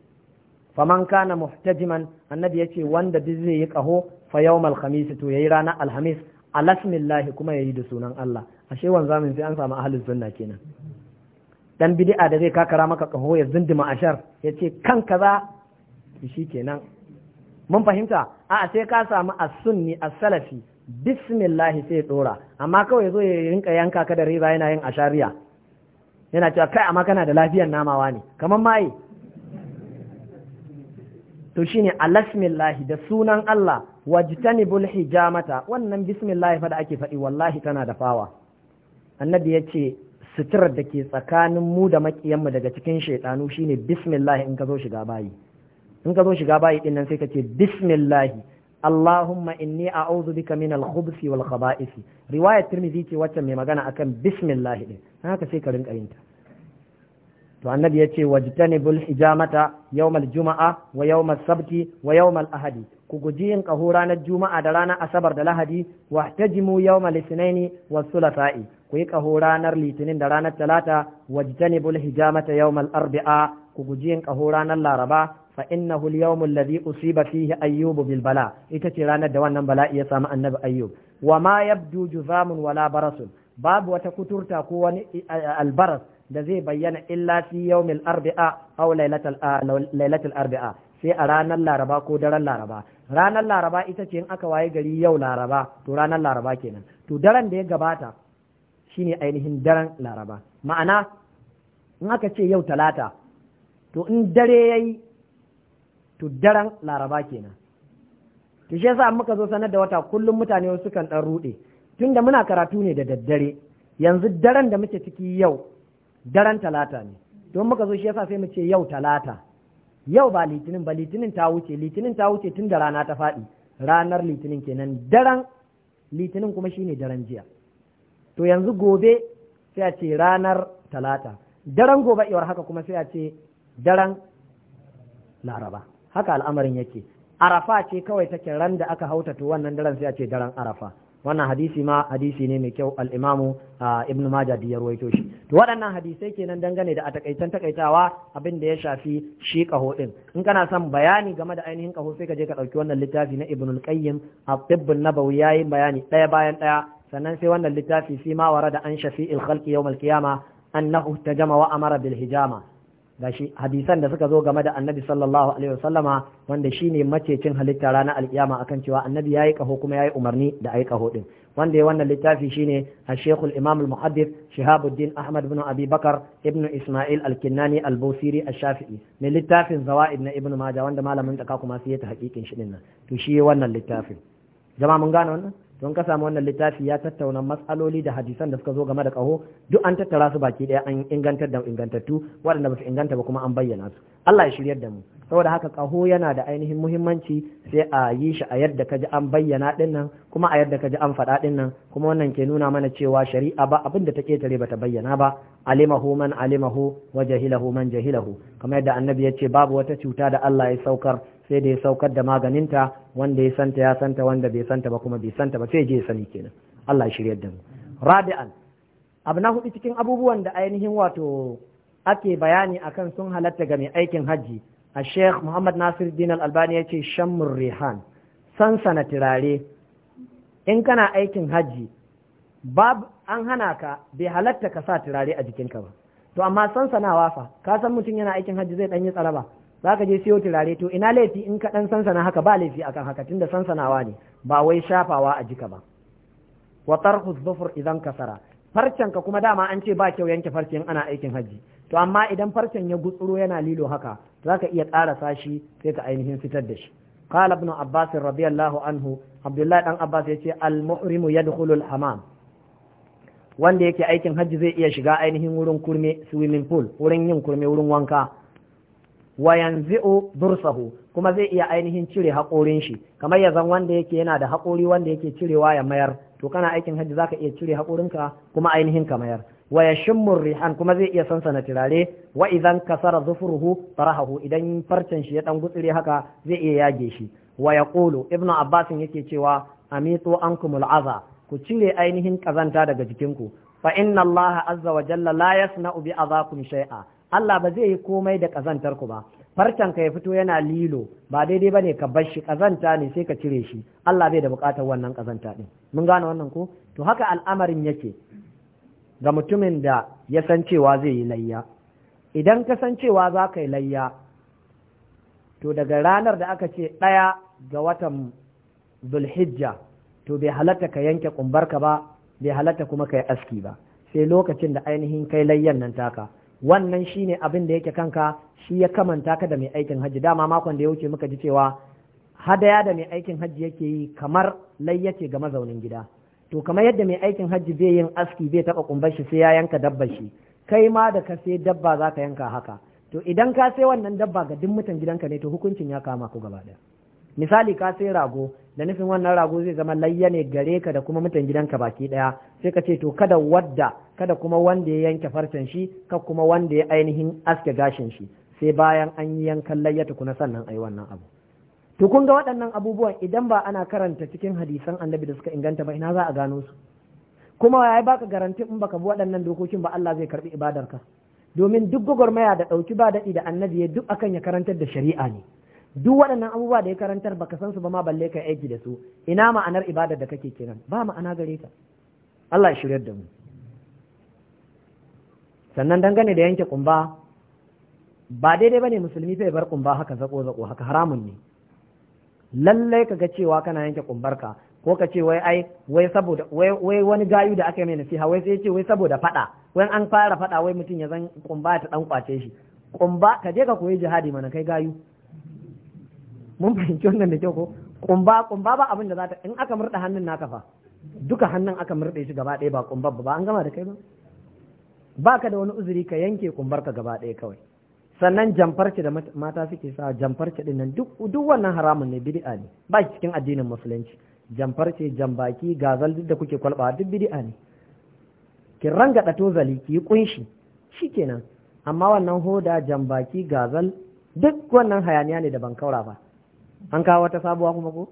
faman kana muhtajiman annabi yace wanda duk zai yi ƙaho fa yawmal khamis to yayi ranar alhamis alasmillahi kuma yayi da sunan Allah ashe wanzamin sai an samu ahlus sunna kenan dan bid'a da zai kakara maka kaho ya zindima ashar ya ce kan kaza shi kenan mun fahimta a sai ka samu as-sunni as-salafi bismillah sai dora amma kawai zo ya rinka yanka ka da riba yana yin ashariya yana cewa kai amma kana da lafiyar namawa ne kamar mai to shine alasmillah da sunan Allah wajtanibul hijamata wannan bismillah fa da ake faɗi wallahi tana da fawa annabi ya ce suturar da ke tsakanin mu da makiyanmu daga cikin shaidanu shine bismillah in ka zo shiga bayi in ka zo shiga bayi din nan sai ka ce bismillah Allahumma inni a'udhu bika al-khubuthi wal khaba'ith riwayat tirmidhi ce wacce mai magana akan bismillah din haka sai ka rinka yin ta to annabi yace wajtanibul hijamata yawmal juma'a wa yawmal sabti wa yawmal ahadi ku guji yin kaho ranar juma'a da ranar asabar da lahadi wa tajimu yawmal isnaini was thulatha'i ku yi ƙaho ranar litinin da ranar talata wajtanibul hijamata yawmal arbi'a ku guji yin ƙaho ranar laraba fa inna al-yawmul ladhi usiba fihi ayyubu bil bala ita ce ranar da wannan bala'i ya samu annabi ayyub wa ma yabdu juzamun wala barasun babu wata kuturta ko wani eh, albaras da zai bayyana illa fi yawmil arbi'a aw lailatul ah, arbi'a sai a ranar laraba ko daren laraba ranar laraba ita ce in aka waye gari yau laraba to ranar laraba kenan to daren da ya gabata shine ainihin daren laraba ma'ana in aka ce yau talata to in dare ya yi to daren laraba kenan to shi yasa muka zo sanar da wata kullum mutane wasu kan ɗan rude tunda muna karatu ne da daddare yanzu daren da muke ciki yau daren talata ne don muka zo shi yasa sai mu ce yau talata yau ba litinin ba litinin ta wuce litinin ta wuce tun da rana ta faɗi ranar litinin kenan daren litinin kuma shine daren jiya to yanzu gobe sai a ce ranar talata daren gobe iwar haka kuma sai a ce daren laraba haka al'amarin yake arafa ce kawai take ran da aka hauta to wannan daren sai a ce daren arafa wannan hadisi ma hadisi ne mai kyau al'imamu ibn majah biyar waito shi to waɗannan hadisai kenan dangane da a takaitan takaitawa abin da ya shafi shi kaho ɗin. in kana son bayani game da ainihin kaho sai ka je ka ɗauki wannan littafi na ibn al-qayyim at-tibb nabawi yayi bayani ɗaya bayan ɗaya sannan sai wannan littafi fi ma da an shafi'il khalqi yawmal qiyama annahu tajama wa amara bil hijama hadisan da suka zo game da annabi sallallahu alaihi wasallama wanda shine macecin halitta ranar alkiyama akan cewa annabi yi kaho kuma yi umarni da ayi kaho din wanda ya wannan littafi shine al-shaykhul imam al-muhaddith shihabuddin ahmad bin abi bakar isma'il al-kinnani al-busiri al-shafi'i ne littafin zawaid na ibnu majah wanda malamin ta kuma sai ta hakikin shi din nan to shi wannan littafin jama'a mun gane wannan don ka samu wannan littafi ya tattauna matsaloli da hadisan da suka zo game da kaho duk an tattara su baki daya an ingantar da ingantattu waɗanda ba su inganta ba kuma an bayyana su Allah ya shiryar da mu saboda haka kaho yana da ainihin muhimmanci sai a yi shi a yadda ka ji an bayyana din nan kuma a yadda ka ji an faɗa din nan kuma wannan ke nuna mana cewa shari'a ba abin da ta ketare ba ta bayyana ba alimahu man alimahu wa jahilahu man jahilahu kamar yadda annabi ya ce babu wata cuta da Allah ya saukar sai da ya saukar da maganinta wanda ya santa ya santa wanda bai santa ba kuma bai santa ba sai je sani kenan Allah shirya da mu rabi'an abu na hudu cikin abubuwan da ainihin wato ake bayani akan sun halatta ga mai aikin hajji a sheikh muhammad nasir din albani ya ce shammur rihan sansana turare in kana aikin hajji bab an hana ka bai halatta ka sa turare a jikinka ba to amma sansanawa fa ka san mutum yana aikin hajji zai dan yi tsaraba za ka je siyo turare to ina laifi in ka ɗan sansana haka ba laifi akan haka da sansanawa ne ba wai shafawa a jika ba wa tarhu dhufur idan kasara farcen ka kuma dama an ce ba kyau yanke farcen ana aikin hajji to amma idan farcen ya gutsuro yana lilo haka za ka iya ƙara sashi sai ka ainihin fitar da shi قال ابن عباس رضي الله عنه عبد الله بن عباس muhrimu yadkhulu al hamam wanda yake aikin hajji zai iya shiga ainihin wurin kurme swimming pool wurin yin kurme wurin wanka wa yanzu dursahu kuma zai iya ainihin cire haƙorin shi kamar ya zan wanda yake yana da haƙori wanda yake cirewa ya mayar to kana aikin hajji zaka iya cire haƙorinka kuma ainihin ka mayar wa yashimmu rihan kuma zai iya sansana turare wa idan kasara zufuruhu farhahu, idan farcen shi ya dan gutsire haka zai iya yage shi wa yaqulu ibnu abbasin yake cewa amitu ankumul aza ku cire ainihin kazanta daga jikinku fa inna allaha azza wa jalla la yasna'u bi azakum shay'a Allah ba zai yi komai da ƙazantar ku ba farcen ka ya fito yana lilo ba daidai ba ne ka bar shi ƙazanta ne sai ka cire shi Allah bai da buƙatar wannan ƙazanta ɗin. mun gane wannan ko to haka al'amarin yake ga mutumin da ya san cewa zai yi layya idan ka san cewa za ka yi layya to daga ranar da aka ce ɗaya ga watan zulhijja to bai halatta ka yanke ƙumbarka ba bai halatta kuma ka yi aski ba sai lokacin da ainihin kai layyan nan taka wannan shi ne abin da yake kanka shi ya kamanta ka da mai aikin hajji dama makon da ya wuce muka ji cewa hadaya da mai aikin hajji yake yi kamar yake ga mazaunin gida to kamar yadda mai aikin hajji zai yin aski zai taba kumbar shi sai ya yanka dabba shi kai ma da ka sai dabba za ka yanka haka to idan ka sai wannan dabba ga duk mutan gidanka ne to hukuncin ya kama ku gaba daya misali ka sai rago da nufin wannan rago zai zama layya ne gare ka da kuma mutan gidanka baki daya sai ka ce to kada wadda kada kuma wanda ya yanke farcen shi ka kuma wanda ya ainihin aske gashin shi sai bayan an yi yankan layya tukuna sannan ai wannan abu to kun ga waɗannan abubuwan idan ba ana karanta cikin hadisan annabi da suka inganta ba ina za a gano su kuma ya baka garanti in baka bi waɗannan dokokin ba Allah zai karbi ibadarka domin duk gwagwarmaya da ɗauki ba daɗi da annabi ya duk akan ya karantar da shari'a ne duk waɗannan abubuwa da ya karantar baka san su ba ma balle ka aiki da su ina ma'anar ibada da kake kiran ba ma'ana gare ka. Allah ya shiryar da mu sannan dangane da yanke kumba ba daidai bane musulmi sai bar kumba haka zako zako haka haramun ne lallai ga cewa kana yanke ka ko ka ce wai ai wai saboda wai wani gayu da aka yi mai nasiha wai sai ce wai saboda fada wai an fara fada wai mutum ya zan kumba ta dan kwace shi kumba ka je ka koyi jihadi mana kai gayu mun fahimci wannan da kyau ko kumba kumba ba abin da za ta in aka murda hannun naka fa duka hannun aka murɗe shi gaba ɗaya ba kumbar ba an gama da kai ba ba ka da wani uzuri ka yanke kumbar ka gaba ɗaya kawai sannan jamfarci da mata suke sa jamfarci din nan duk duk wannan haramun ne bid'a ne ba cikin addinin musulunci jamfarci jambaki gazal duk da kuke kwalba duk bid'a ne ki ranga da tozali ki kunshi shikenan amma wannan hoda jambaki gazal duk wannan hayaniya ne da ban kaura ba an kawo wata sabuwa kuma ko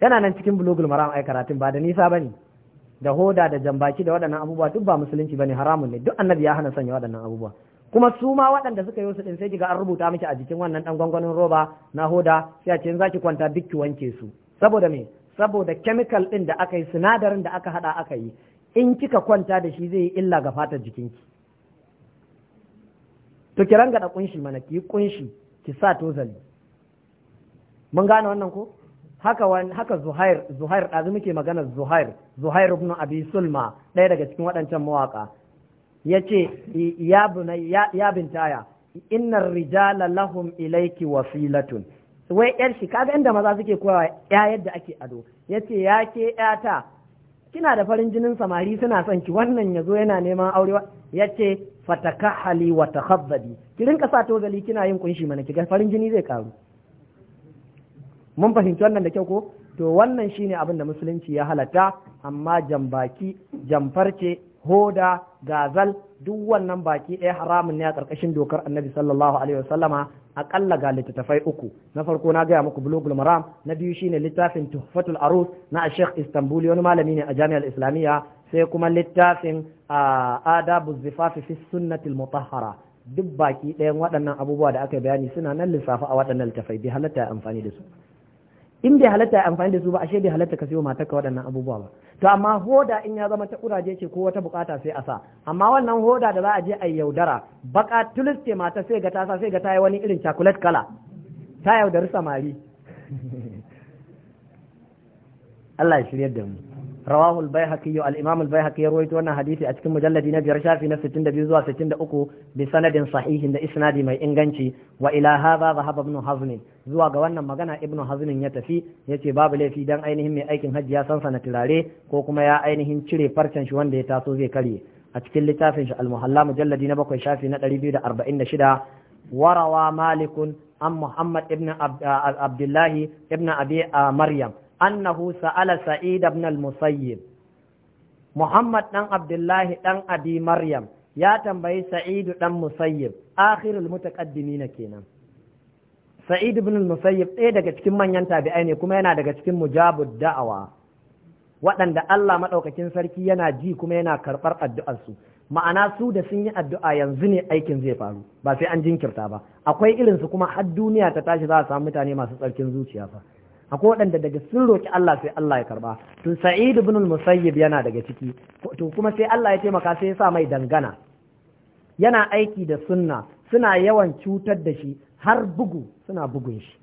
yana nan cikin bulogul maram ai karatun ba da nisa bane da hoda da jambaki da waɗannan abubuwa duk ba musulunci bane haramun ne duk annabi ya hana sanya waɗannan abubuwa kuma su ma waɗanda suka yi su din sai kiga an rubuta miki a jikin wannan dan gwangwanin roba na hoda sai a ce in zaki kwanta duk ki wanke su saboda me saboda chemical din da aka yi sinadarin da aka hada aka yi in kika kwanta da shi zai yi illa ga fatar jikinki to ki ga da kunshi mana ki kunshi ki sa tozali mun gane wannan ko haka wani haka zuhair zuhair ɗazu muke magana zuhair zuhair ibn abi sulma ɗaya daga cikin waɗancan mawaka ya ce ya bintaya innar rijala lahum ilaiki wasilatun wai yar shi kaga inda maza suke koyawa ya yadda ake ado ya ce ya ke yata kina da farin jinin samari suna son ki wannan ya zo yana neman aure ya ce fatakahali wa takhabbadi ki rinka sa tozali kina yin kunshi mana ki ga farin jini zai karu mun fahimci wannan da kyau ko to wannan shine abin da musulunci ya halatta amma jambaki jamfarce hoda gazal duk wannan baki ɗaya haramun ne a ƙarƙashin dokar annabi sallallahu alaihi wasallama akalla ga littattafai uku na farko na gaya muku bulogul maram na biyu shine littafin tuhfatul arus na sheikh istanbul wani malami ne a jami'ar islamiyya sai kuma littafin adabu zifafi fi sunnatil mutahhara duk baki ɗayan waɗannan abubuwa da aka bayani suna nan lissafa a waɗannan littafai bai halatta amfani da su in bai halatta amfani da su ba ashe bai halatta ka siyo matarka waɗannan abubuwa ba to amma hoda in ya zama ta kuraje ce ko wata bukata sai a sa amma wannan hoda da za a je a yaudara baka tulis mata sai ga ta sa sai ga ta yi wani irin chocolate kala ta yaudari samari Allah ya shiryar da mu rawahul al-baihaqi al-imam al-baihaqi ya rawaito wannan hadisi a cikin mujalladi na biyar shafi na 62 zuwa 63 bi sanadin sahihin da isnadi mai inganci wa ila hadha dhahaba ibn zuwa ga wannan magana ibn hazm ya tafi ya ce babu laifi dan ainihin mai aikin hajji ya san sana ko kuma ya ainihin cire farcen shi wanda ya taso zai karye a cikin littafin shi al-muhalla mujalladi na bakwai shafi na 246 warawa malikun an muhammad ibn abdullahi ibn abi maryam annahu sa'ala sa'id ibn al-musayyib muhammad ɗan abdullahi ɗan abi maryam ya tambayi sa'id dan musayyib akhirul na kenan sa'id ibn al-musayyib ɗaya daga cikin manyan tabi'ai ne kuma yana daga cikin mujabud da'awa waɗanda Allah maɗaukakin sarki yana ji kuma yana karɓar addu'arsu ma'ana su da sun yi addu'a yanzu ne aikin zai faru ba sai an jinkirta ba akwai irinsu kuma har duniya ta tashi za a samu mutane masu tsarkin zuciya fa akwai waɗanda daga sun roƙi Allah sai Allah ya karba Tun sa'id ibn musayyib yana daga ciki to kuma sai Allah ya taimaka sai ya sa mai dangana yana aiki da sunna suna yawan cutar da shi har bugu suna bugun shi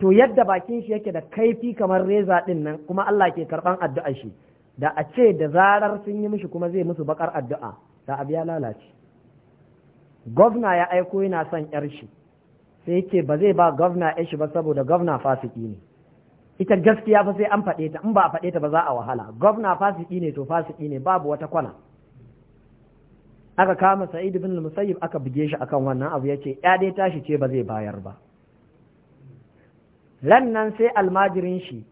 to yadda bakin shi yake da kaifi kamar reza ɗin nan kuma Allah ke karban addu'ar shi da a ce da zarar sun yi mishi kuma zai musu baƙar addu'a da abu ya lalace gwamna ya aiko yana son yar shi sai yake ba zai ba gwamna yar shi ba saboda gwamna fasiki ne ita gaskiya fa sai an faɗe ta in ba a faɗe ta ba za a wahala gwamna fasiki ne to fasiki ne babu wata kwana aka kama Sa'idu bin musayyib aka buge shi akan wannan abu yace ya dai tashi ce ba zai bayar ba lannan sai almajirin shi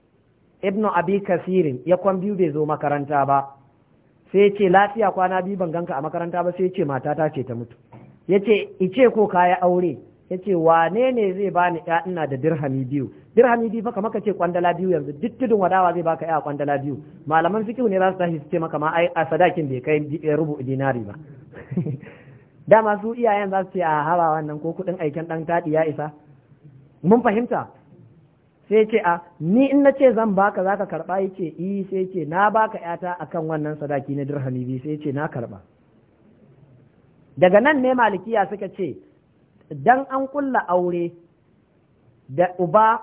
ibnu abi kasirin ya kwan biyu bai zo makaranta ba sai ce lafiya kwana biyu ban ganka a makaranta ba sai ce matata ce ta mutu yace ice ko kaya aure ya ce wane ne zai bani ya ina da dirhami biyu dirhami biyu fa kamar ce kwandala biyu yanzu duk tudun wadawa zai baka ya kwandala biyu malaman fiqh ne za su tashi su ce maka ma ai a sadakin bai kai eh, rubu dinari ba dama su iyayen za su ce a hawa wannan ko kudin aikin dan tadi ya isa mun fahimta sai ce a ni in na ce zan baka zaka karba yace i sai ce na baka yata akan wannan sadaki na dirhami biyu sai ce na karba daga nan ne malikiya suka ce dan an kulla aure da uba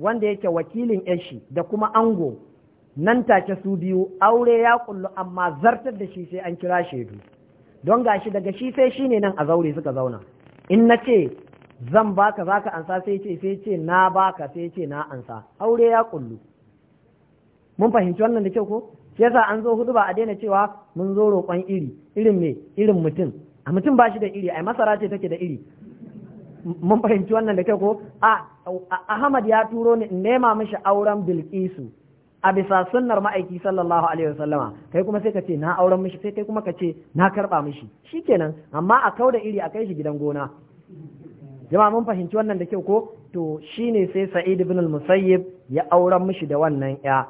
wanda yake wakilin yashi da kuma ango nan take su biyu aure ya kullu amma zartar da shi sai an kira shaidu don gashi daga shi sai shine nan a zaure suka zauna in na ce zan baka zaka ansa sai ce sai ce na baka sai ce na ansa aure ya kullu mun fahimci wannan da kyau ko shi yasa an zo hudu ba a daina cewa mun zo roƙon iri irin me irin mutum a mutum ba shi da iri ai masara ce take da iri mun fahimci wannan da kyau ko a Ahmad ya turo ni in nema mishi auren Bilkisu a bisa sunnar ma'aiki sallallahu alaihi wasallama kai kuma sai ka ce na auren mishi sai kai kuma ka ce na karba mishi shikenan amma a da iri a kai shi gidan gona jama'a mun fahimci wannan da kyau ko to shine sai Sa'id ibn al-Musayyib ya auren mishi da wannan ya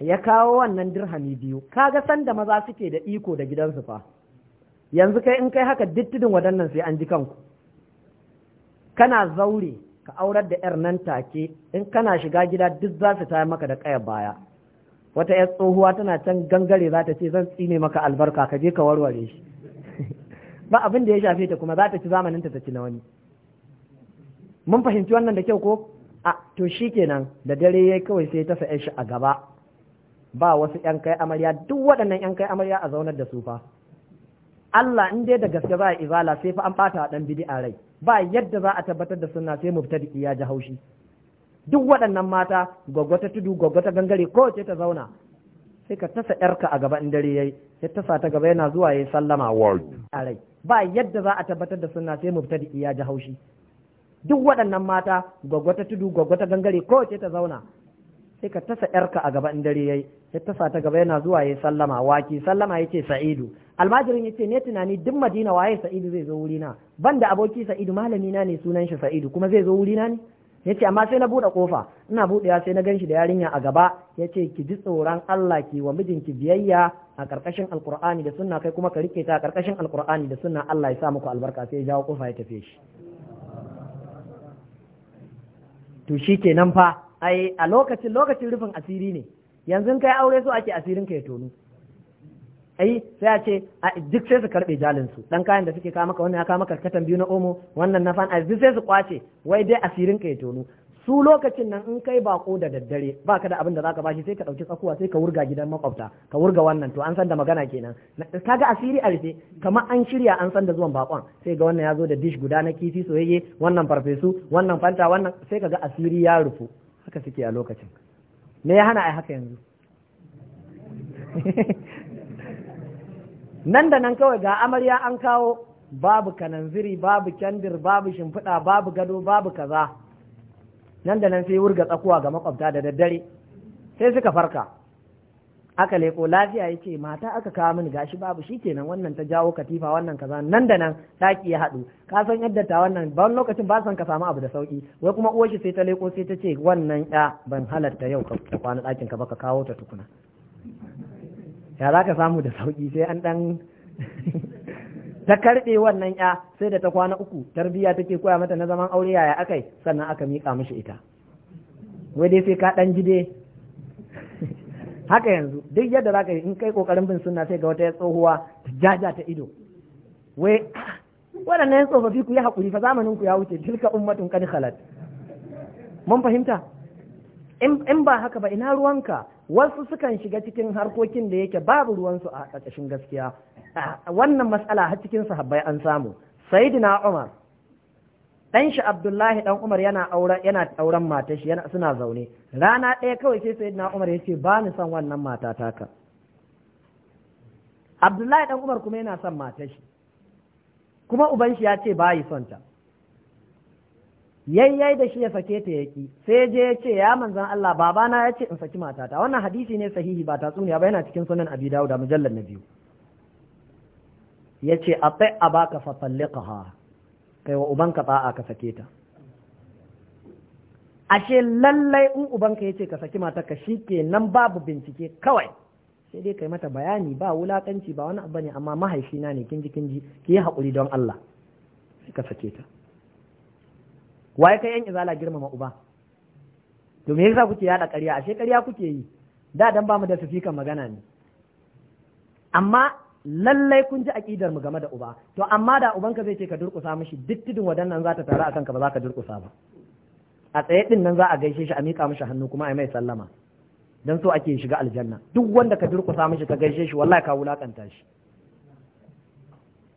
ya kawo wannan dirhami biyu kaga sanda maza suke da iko da gidansu fa yanzu kai in kai haka dittidin wadannan waɗannan sai an ji kanku kana zaure ka aurar da yar nan take in kana shiga gida duk za su tayar maka da kaya baya wata yar tsohuwa tana can gangare za ta ce zan tsine maka albarka ka je ka warware shi ba abin da ya shafe ta kuma za ta ci zamanin ta ci na wani mun fahimci wannan da kyau ko a to shikenan da dare ya kawai sai ta sa'e shi a gaba ba wasu yan kai amarya duk waɗannan yan kai amarya a zaunar da su fa Allah in dai da gaske ba izala sai fa an bata dan bid'a rai ba yadda za a tabbatar da sunna sai mubtadi ya ji haushi duk waɗannan mata gwaggwata tudu gwaggwata gangare ce ta zauna sai ka tasa ƴarka a gaba in dare yayi sai tasa ta gaba yana zuwa yayi sallama wa rai ba yadda za a tabbatar da sunna sai mubtadi ya ji haushi duk waɗannan mata gwaggwata tudu gwaggwata gangare ce ta zauna sai ka tasa yarka a gaba in dare yayi ya tasa ta gaba yana zuwa yayi sallama waki sallama yace sa'idu almajirin yace ne tunani duk madina waye sa'idu zai zo wurina ban da aboki sa'idu malami na ne sunan shi sa'idu kuma zai zo wurina ne yace amma sai na bude kofa ina budewa sai na ganshi da yarinya a gaba yace ki ji tsoron Allah ki wa mijinki biyayya a karkashin alqur'ani da sunna kai kuma ka rike ta karkashin alqur'ani da sunna Allah ya sa muku albarka sai ya jawo kofa ya tafi shi to shikenan fa ai a lokacin lokacin rufin asiri ne yanzu kai aure so ake asirin ka ya tonu ai sai a ce duk sai su karbe jalin su dan kayan da suke kawo maka wannan ya kawo maka katan biyu na omo wannan na fan duk sai su kwace wai dai asirin ka ya tonu su lokacin nan in kai bako da daddare baka da abin da zaka bashi sai ka dauki tsakuwa sai ka wurga gidan makwabta ka wurga wannan to an san da magana kenan kaga asiri a rufe kamar an shirya an san da zuwan bakon sai ga wannan ya zo da dish guda na kifi soyayye wannan farfesu wannan fanta wannan sai kaga asiri ya rufu haka suke a lokacin me ya hana a haka yanzu nan da nan kawai ga amarya an kawo babu kananziri babu kyandir babu shimfiɗa babu gado babu kaza nan da nan sai wurga tsakuwa ga makwabta da daddare sai suka farka aka leko lafiya ya ce mata aka kawo mini gashi babu shikenan wannan ta jawo katifa wannan kaza nan da nan taki ya hadu. ka san yadda ta wannan ban lokacin ba san ka samu abu da sauki wai kuma uwar shi sai ta leko sai ta ce wannan ya ban halatta yau ka kwana dakin ka ba ka kawo ta tukuna ya za ka samu da sauki sai an ɗan ta karɓe wannan ya sai da ta kwana uku tarbiyya take koya mata na zaman aure yaya akai sannan aka mika mishi ita wai dai sai ka ɗan jide. haka yanzu duk yadda za ka yi in kai kokarin bin sunna sai ga wata tsohuwa ta jaja ta ido wai ah, waɗannan yan tsofaffi ku yi haƙuri fa zamanin ku ya wuce tilka ummatun qad khalat mun fahimta in ba haka ba ina ruwanka wasu sukan shiga cikin harkokin da yake babu ruwansu a ƙarƙashin gaskiya ah, wannan matsala har cikin sahabbai an samu sayyidina umar dan shi abdullahi dan umar yana auren matar shi suna zaune rana ɗaya kawai sai na umar ya ce ba ni son wannan mata ka. abdullahi dan umar kuma yana son mata shi kuma uban shi ya ce ba yi son ta yayyai da shi ya sake ta yaki sai je ya ce ya manzan Allah babana ya ce in saki matata wannan hadisi ne sahihi ba tatsuniya ba yana cikin sunan abi dawud da mujallar na biyu Ya yace atai abaka fa kai wa uban ka ba'a ka sake ta ashe lallai in ubanka ya ce ka saki matarka ke nan babu bincike kawai sai dai kai mata bayani ba wulakanci ba wani abu ne amma mahaifina ne kinji kinji ki yi haƙuri don Allah sai ka sake ta waye kai yan izala girmama uba to me yasa kuke yada ƙarya ashe ƙarya kuke yi da dan ba mu da fifikan magana ne amma lallai kun ji aƙidar mu game da uba to amma da ubanka zai ce ka durƙusa mishi duk tudun wadannan za ta taru akan ka ba za ka durƙusa ba a tsaye din nan za a gaishe shi a miƙa mishi hannu kuma a mai sallama don so ake shiga aljanna duk wanda ka durƙusa mishi ka gaishe shi wallahi ka wulakanta shi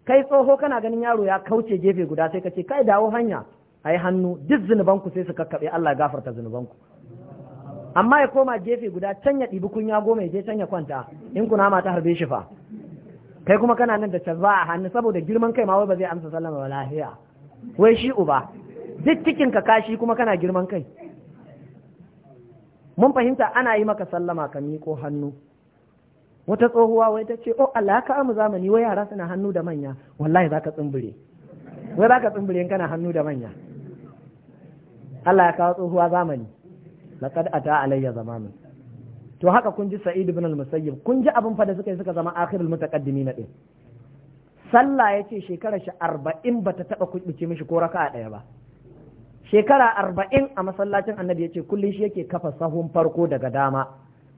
kai tsoho kana ganin yaro ya kauce gefe guda sai ka ce kai dawo hanya A yi hannu duk zunuban ku sai su kakkaɓe, Allah ya gafarta zunuban ku amma ya koma gefe guda can ya ɗibi kunya goma ya je can ya kwanta in kuna ma ta harbe shi fa kai kuma kana nan da canza a hannu saboda girman kai ma wai ba zai amsa sallama ba lahiya wai shi uba duk cikin ka kashi kuma kana girman kai mun fahimta ana yi maka sallama ka miƙo hannu wata tsohuwa wai ta ce oh Allah ka amu zamani wai yara suna hannu da manya wallahi zaka tsumbure wai zaka tsumbure in kana hannu da manya Allah ya kawo tsohuwa zamani laqad ata alayya zamanu to haka kun ji Sa'id ibn al-Musayyib kun ji abin fa da suka yi suka zama akhirul mutaqaddimin din sallah yace shekarar shi 40 bata taba kubuce mishi ko raka'a daya ba shekara arba'in a masallacin annabi ya ce kullum shi yake kafa sahun farko daga dama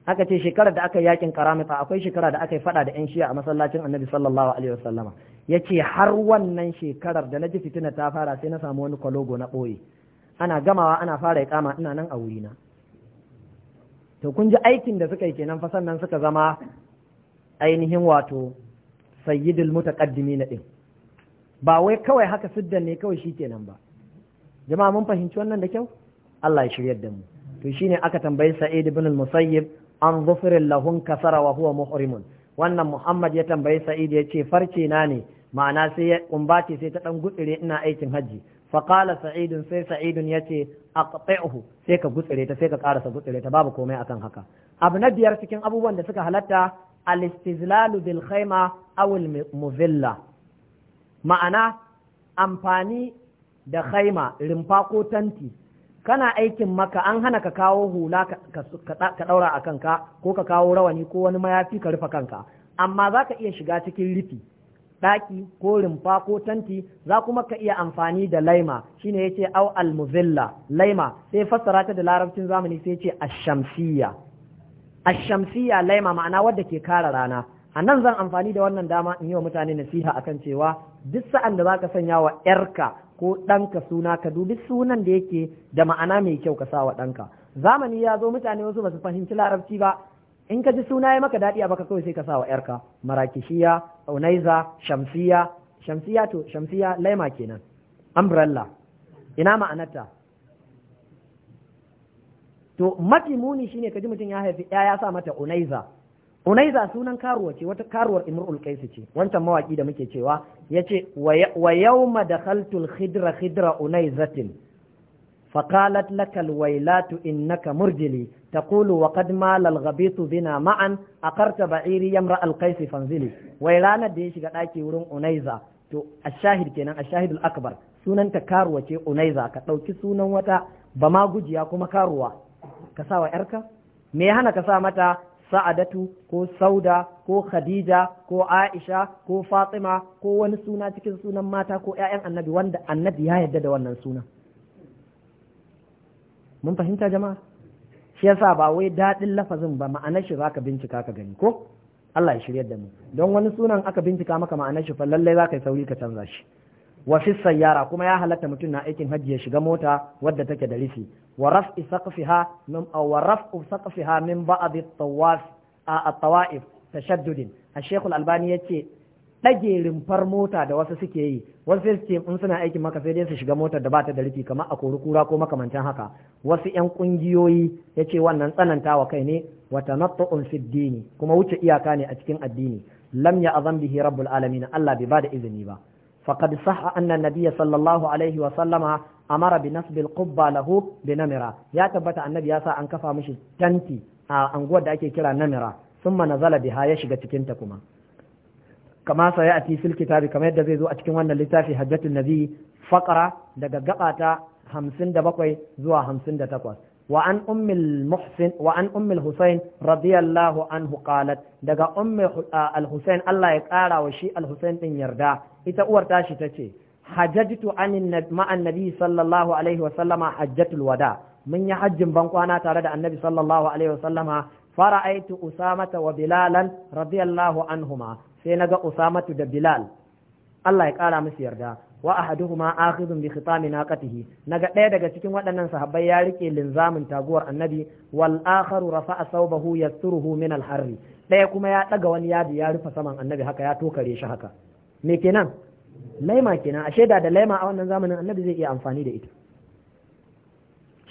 aka ce shekarar da aka yi yakin karamita akwai shekara da aka yi fada da yan shiya a masallacin annabi sallallahu alaihi wasallama ya ce har wannan shekarar da na ji fitina ta fara sai na samu wani kwalogo na ɓoye ana gamawa ana fara ikama ina nan a wurina to kun ji aikin da suka yi kenan fa sannan suka zama ainihin wato sayyidul mutaqaddimin din ba wai kawai haka siddan ne kawai shi kenan ba jama'a mun fahimci wannan da kyau Allah ya shiryar da mu to shine aka tambayi Sa'id ibn al-Musayyib an zufirin lahun kasara wa huwa muhrimun wannan Muhammad ya tambayi Sa'id ya ce farce na ne ma'ana sai ya umbace sai ta dan gutsire ina aikin hajji fa qala Sa'id sai Sa'id ya ce aqta'uhu sai ka gutsire ta sai ka karasa gutsire ta babu komai akan haka abu na biyar cikin abubuwan da suka halatta al-istizlalu bil khayma aw al muzilla ma'ana amfani da khaima rimfa ko tanti kana aikin maka an hana ka kawo hula ka ɗaura a kanka ko ka kawo rawani ko wani mayafi ka rufe kanka amma za ka iya shiga cikin rufi ɗaki ko rumfa ko tanti za kuma ka iya amfani da laima shine yace au almuzilla laima sai fassara ta da larabcin zamani sai yace ashamsiyya shamsiya laima ma'ana wadda ke kara rana a nan zan amfani da wannan dama in yi wa mutane nasiha akan cewa duk sa'an da zaka sanya wa yarka ko ɗanka suna ka dubi sunan da yake da ma'ana mai kyau ka sa wa ɗanka zamani ya zo mutane wasu basu fahimci larabci ba in ka ji suna ya maka daɗi a baka kawai sai ka sa wa ƴarka marakishiya unaiza shamsiya shamsiya to shamsiya laima kenan umbrella ina ma'anarta to mafi muni shine ka ji mutum ya haifi ya ya sa mata unaiza Unaiza sunan karuwa ce wata karuwar Imru Ulkaisu ce wancan mawaƙi da muke cewa yace ce wa yau ma da khaltul khidra khidra unaizatin faƙalat lakal wailatu innaka murjili ta kulu wa kad malal gabitu bina ma'an akarta karta ba'iri alkaisi fanzili wai ranar da ya shiga ɗaki wurin unaiza to a shahid kenan a shahid akbar sunanta ta karuwa ce unaiza ka ɗauki sunan wata ba ma gujiya kuma karuwa ka sa wa ƴarka me hana ka mata sa'adatu ko sauda ko khadija ko aisha ko fatima ko wani suna cikin sunan mata ko 'ya'yan annabi wanda annabi ya yarda da wannan suna mun fahimta jama'a shi yasa ba wai daɗin lafazin ba ma'anar shi zaka bincika ka gani ko Allah ya shiryar da mu don wani sunan aka bincika maka ma'anar shi fa lallai zaka yi sauri ka canza shi wa fi sayyara kuma ya halatta mutum na aikin hajji ya shiga mota wadda take da rufi wa raf'i saqfiha min wa raf'u saqfiha min ba'd at-tawaf at-tawa'if tashaddud a shaykh al-albani yace dage rumfar mota da wasu suke yi wasu sai ce in suna aikin maka sai dai su shiga motar da bata da rufi kamar a kori kura ko makamantan haka wasu yan kungiyoyi yace wannan tsanantawa kai ne wa tanattu'un fi dini kuma wuce iyaka ne a cikin addini lam ya azam bihi rabbul alamin Allah bai bada izini ba فقد صح أن النبي صلى الله عليه وسلم أمر بنصب القبة له بنمرة يا تبت النبي ياسا أن كفى مش تنتي أن قد أكي كلا نمرة ثم نزل بها يشغى تكنتكما كما سيأتي في الكتاب كما يدزي ذو أتكم أن في حجة النبي فقرة لقى قطعة همسند بقوي ذو همسند تقوى وعن أم المحسن وعن أم الحسين رضي الله عنه قالت دقا أم الحسين الله يقارى وشي الحسين إن يردى إتا أور تاشي تتي حججت عن النبي مع النبي صلى الله عليه وسلم حجة الوداع من يحج بنكو أنا ترد النبي صلى الله عليه وسلم فرأيت أسامة وبلالا رضي الله عنهما سينجا أسامة وبلال الله يقارى مسيردا wa ahaduhuma akhidhun bi khitami naqatihi naga ɗaya daga cikin waɗannan sahabbai ya rike linzamin taguwar annabi wal akharu rafa'a sawbahu yasturuhu min al harri daya kuma ya ɗaga wani yadi ya rufe saman annabi haka ya tokare shi haka me kenan laima kenan ashe da da laima a wannan zamanin annabi zai iya amfani da ita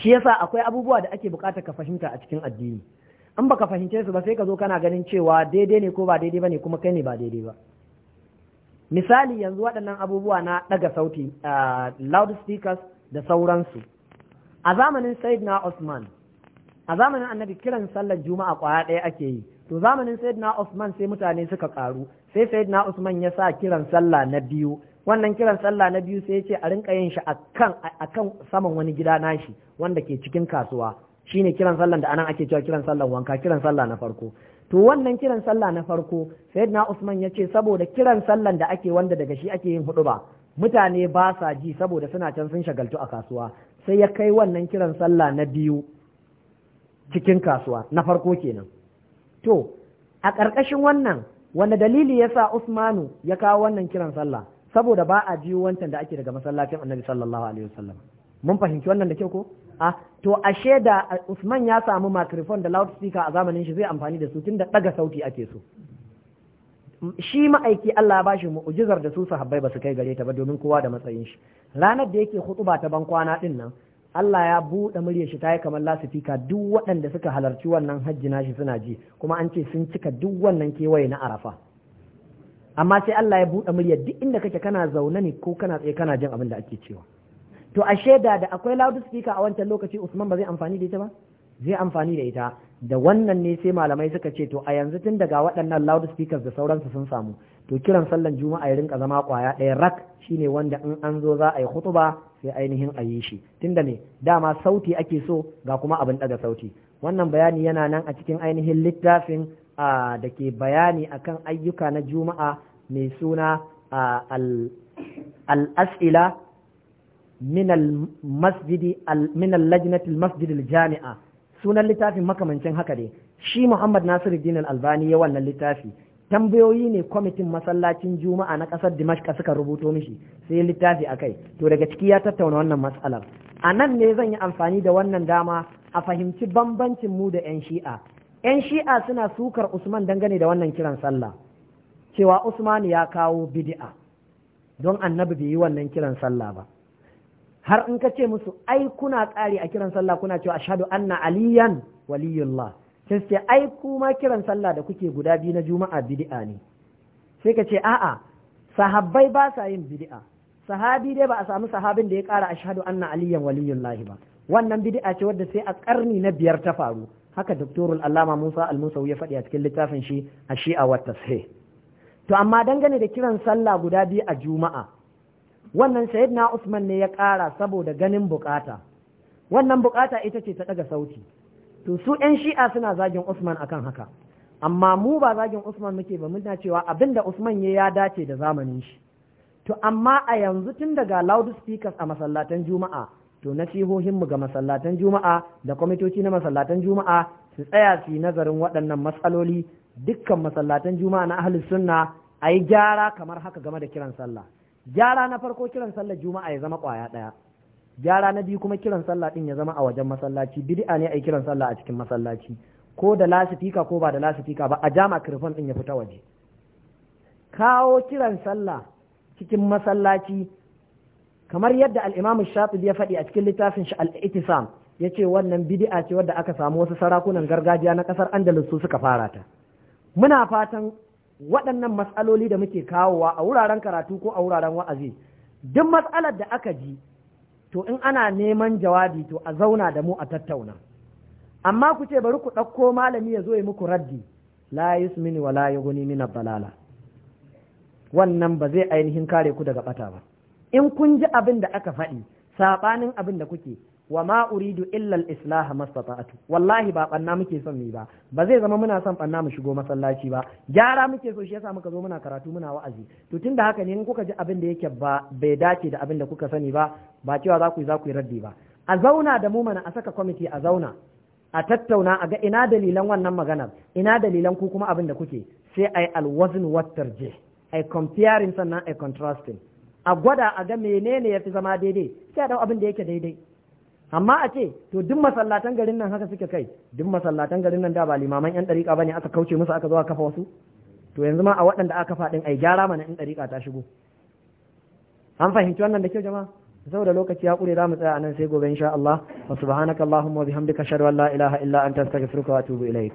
shi yasa akwai abubuwa da ake bukata ka fahimta a cikin addini in baka fahimce su ba sai ka zo kana ganin cewa daidai ne ko ba daidai bane kuma kai ne ba daidai ba misali yanzu waɗannan abubuwa na ɗaga sauti loudspeakers da sauransu a zamanin sayyidina Osman a zamanin annabi kiran sallar juma'a kwaya ɗaya ake yi to zamanin sayyidina Osman sai mutane suka karu sai sayyidina Osman ya sa kiran sallah na biyu wannan kiran sallah na biyu sai ya ce a rinka yin shi akan akan saman wani gida nashi wanda ke cikin kasuwa shine kiran sallan da anan ake cewa kiran sallan wanka kiran sallah na farko to wannan kiran sallah na farko sayyidina Usman ya ce saboda kiran sallan da ake wanda daga shi ake yin huduba mutane ba sa ji saboda suna can sun shagaltu a kasuwa sai ya kai wannan kiran sallah na biyu cikin kasuwa na farko kenan to a ƙarƙashin wannan wanda dalili ya sa Usmanu ya kawo wannan kiran sallah saboda ba a ji wancan da ake daga masallacin Annabi sallallahu alaihi wasallam mun fahimci wannan da kyau ko a to ashe da Usman ya samu microphone da loudspeaker a zamanin shi zai amfani da su tun da daga sauti ake so shi ma'aiki Allah ya shi mu'ujizar da su sahabbai ba su kai gare ta ba domin kowa da matsayin shi ranar da yake hutuba ta ban kwana din nan Allah ya buɗe muryar shi ta yi kamar lasifika duk waɗanda suka halarci wannan hajji shi suna ji kuma an ce sun cika duk wannan kewaye na arafa amma sai Allah ya buɗe muryar duk inda kake kana zaune ne ko kana tsaye kana jin abin da ake cewa to a shaida da akwai loudspeaker a wancan lokaci Usman ba zai amfani da ita ba zai amfani da ita da wannan ne sai malamai suka ce to a yanzu tun daga waɗannan loudspeakers da sauransu sun samu to kiran sallan juma'a ya rinka zama kwaya ɗaya rak shine wanda in an zo za a yi hutuba sai ainihin a yi shi tunda ne dama sauti ake so ga kuma abin ɗaga sauti wannan bayani yana nan a cikin ainihin littafin da ke bayani akan ayyuka na juma'a mai suna al-as'ila من المسجد masjidi اللجنة al الجامعة سونا اللي تافي jamia sunan littafin makamancin haka محمد shi Muhammad الألباني يوانا albani ya wannan littafi tambayoyi ne kwamitin masallacin juma'a na ƙasar dimashka suka rubuto mishi sai littafi a kai to daga ciki ya tattauna wannan matsalar a nan ne zan yi amfani da wannan dama a fahimci bambancin mu da 'yan shi'a 'yan shi'a suna sukar usman dangane da wannan kiran sallah cewa usman ya kawo bid'a don annabi bai yi wannan kiran sallah ba har in ka ce musu ai kuna ƙari a kiran sallah kuna cewa ashhadu anna aliyan waliyullah sai ce ai kuma kiran sallah da kuke guda biyu na juma'a bid'a ne sai ka ce a'a sahabbai ba sa yin bid'a sahabi dai ba a samu sahabin da ya ƙara ashhadu anna aliyan waliyullahi ba wannan bid'a ce wadda sai a karni na biyar ta faru haka doktorul allama musa al-musawi ya faɗi a cikin littafin shi a shi'a wa sai. to amma dangane da kiran sallah guda biyu a juma'a wannan na usman ne ya ƙara saboda ganin bukata wannan bukata ita ce ta ɗaga sauti to su yan shi'a suna zagin usman akan haka amma mu ba zagin usman muke ba muna cewa abin da usman ya ya dace da zamanin shi to amma a yanzu tun daga loudspeakers speakers a masallatan juma'a to na mu ga masallatan juma'a da kwamitoci na masallatan juma'a su tsaya su nazarin waɗannan matsaloli dukkan masallatan juma'a na ahli sunna a yi gyara kamar haka game da kiran sallah gyara na farko kiran sallar juma'a ya zama kwaya ɗaya gyara na biyu kuma kiran sallah din ya zama a wajen masallaci bid'a ne ai kiran sallah a cikin masallaci ko da lasifika ko ba da lasifika ba a jama kirfan din ya fita waje kawo kiran sallah cikin masallaci kamar yadda al Shafi Shafi'i ya faɗi a cikin littafin shi al-Ittisam yace wannan bid'a ce wadda aka samu wasu sarakunan gargajiya na kasar Andalus su suka fara ta muna fatan waɗannan matsaloli da muke kawowa a wuraren karatu ko a wuraren wa'azi duk matsalar da aka ji to in ana neman jawabi to a zauna da mu a tattauna amma ku ce bari ku ɗauko malami ya zo ya muku raddi la yusmini wa la yughni min balala wannan ba zai ainihin kare ku daga bata ba in kun ji abin da aka faɗi saɓanin abin da kuke wa ma uridu illa al-islah mastata'tu wallahi ba banna muke son mu ba ba zai zama muna son banna mu shigo masallaci ba gyara muke so shi yasa muka zo muna karatu muna wa'azi to tunda haka ne in kuka ji abin da yake ba bai dace da abin da kuka sani ba ba cewa za ku yi za ku yi raddi ba a zauna da mu mana a saka kwamiti a zauna a tattauna a ga ina dalilan wannan maganar ina dalilan ku kuma abin da kuke sai ai alwazn watar tarjih ai comparing sannan ai contrasting a gwada a ga menene fi zama daidai sai a dau abin da yake daidai amma a ce to duk masallatan garin nan haka suke kai duk masallatan garin nan da ba limaman yan dariƙa bane aka kauce musu aka zo aka kafa wasu to yanzu ma a waɗanda aka kafa din ai gyara mana in dariƙa ta shigo an fahimci wannan da kyau jama'a saboda lokaci ya kure zamu tsaya anan sai gobe insha Allah wa subhanaka allahumma wa bihamdika ashhadu an la ilaha illa anta astaghfiruka wa atubu ilaik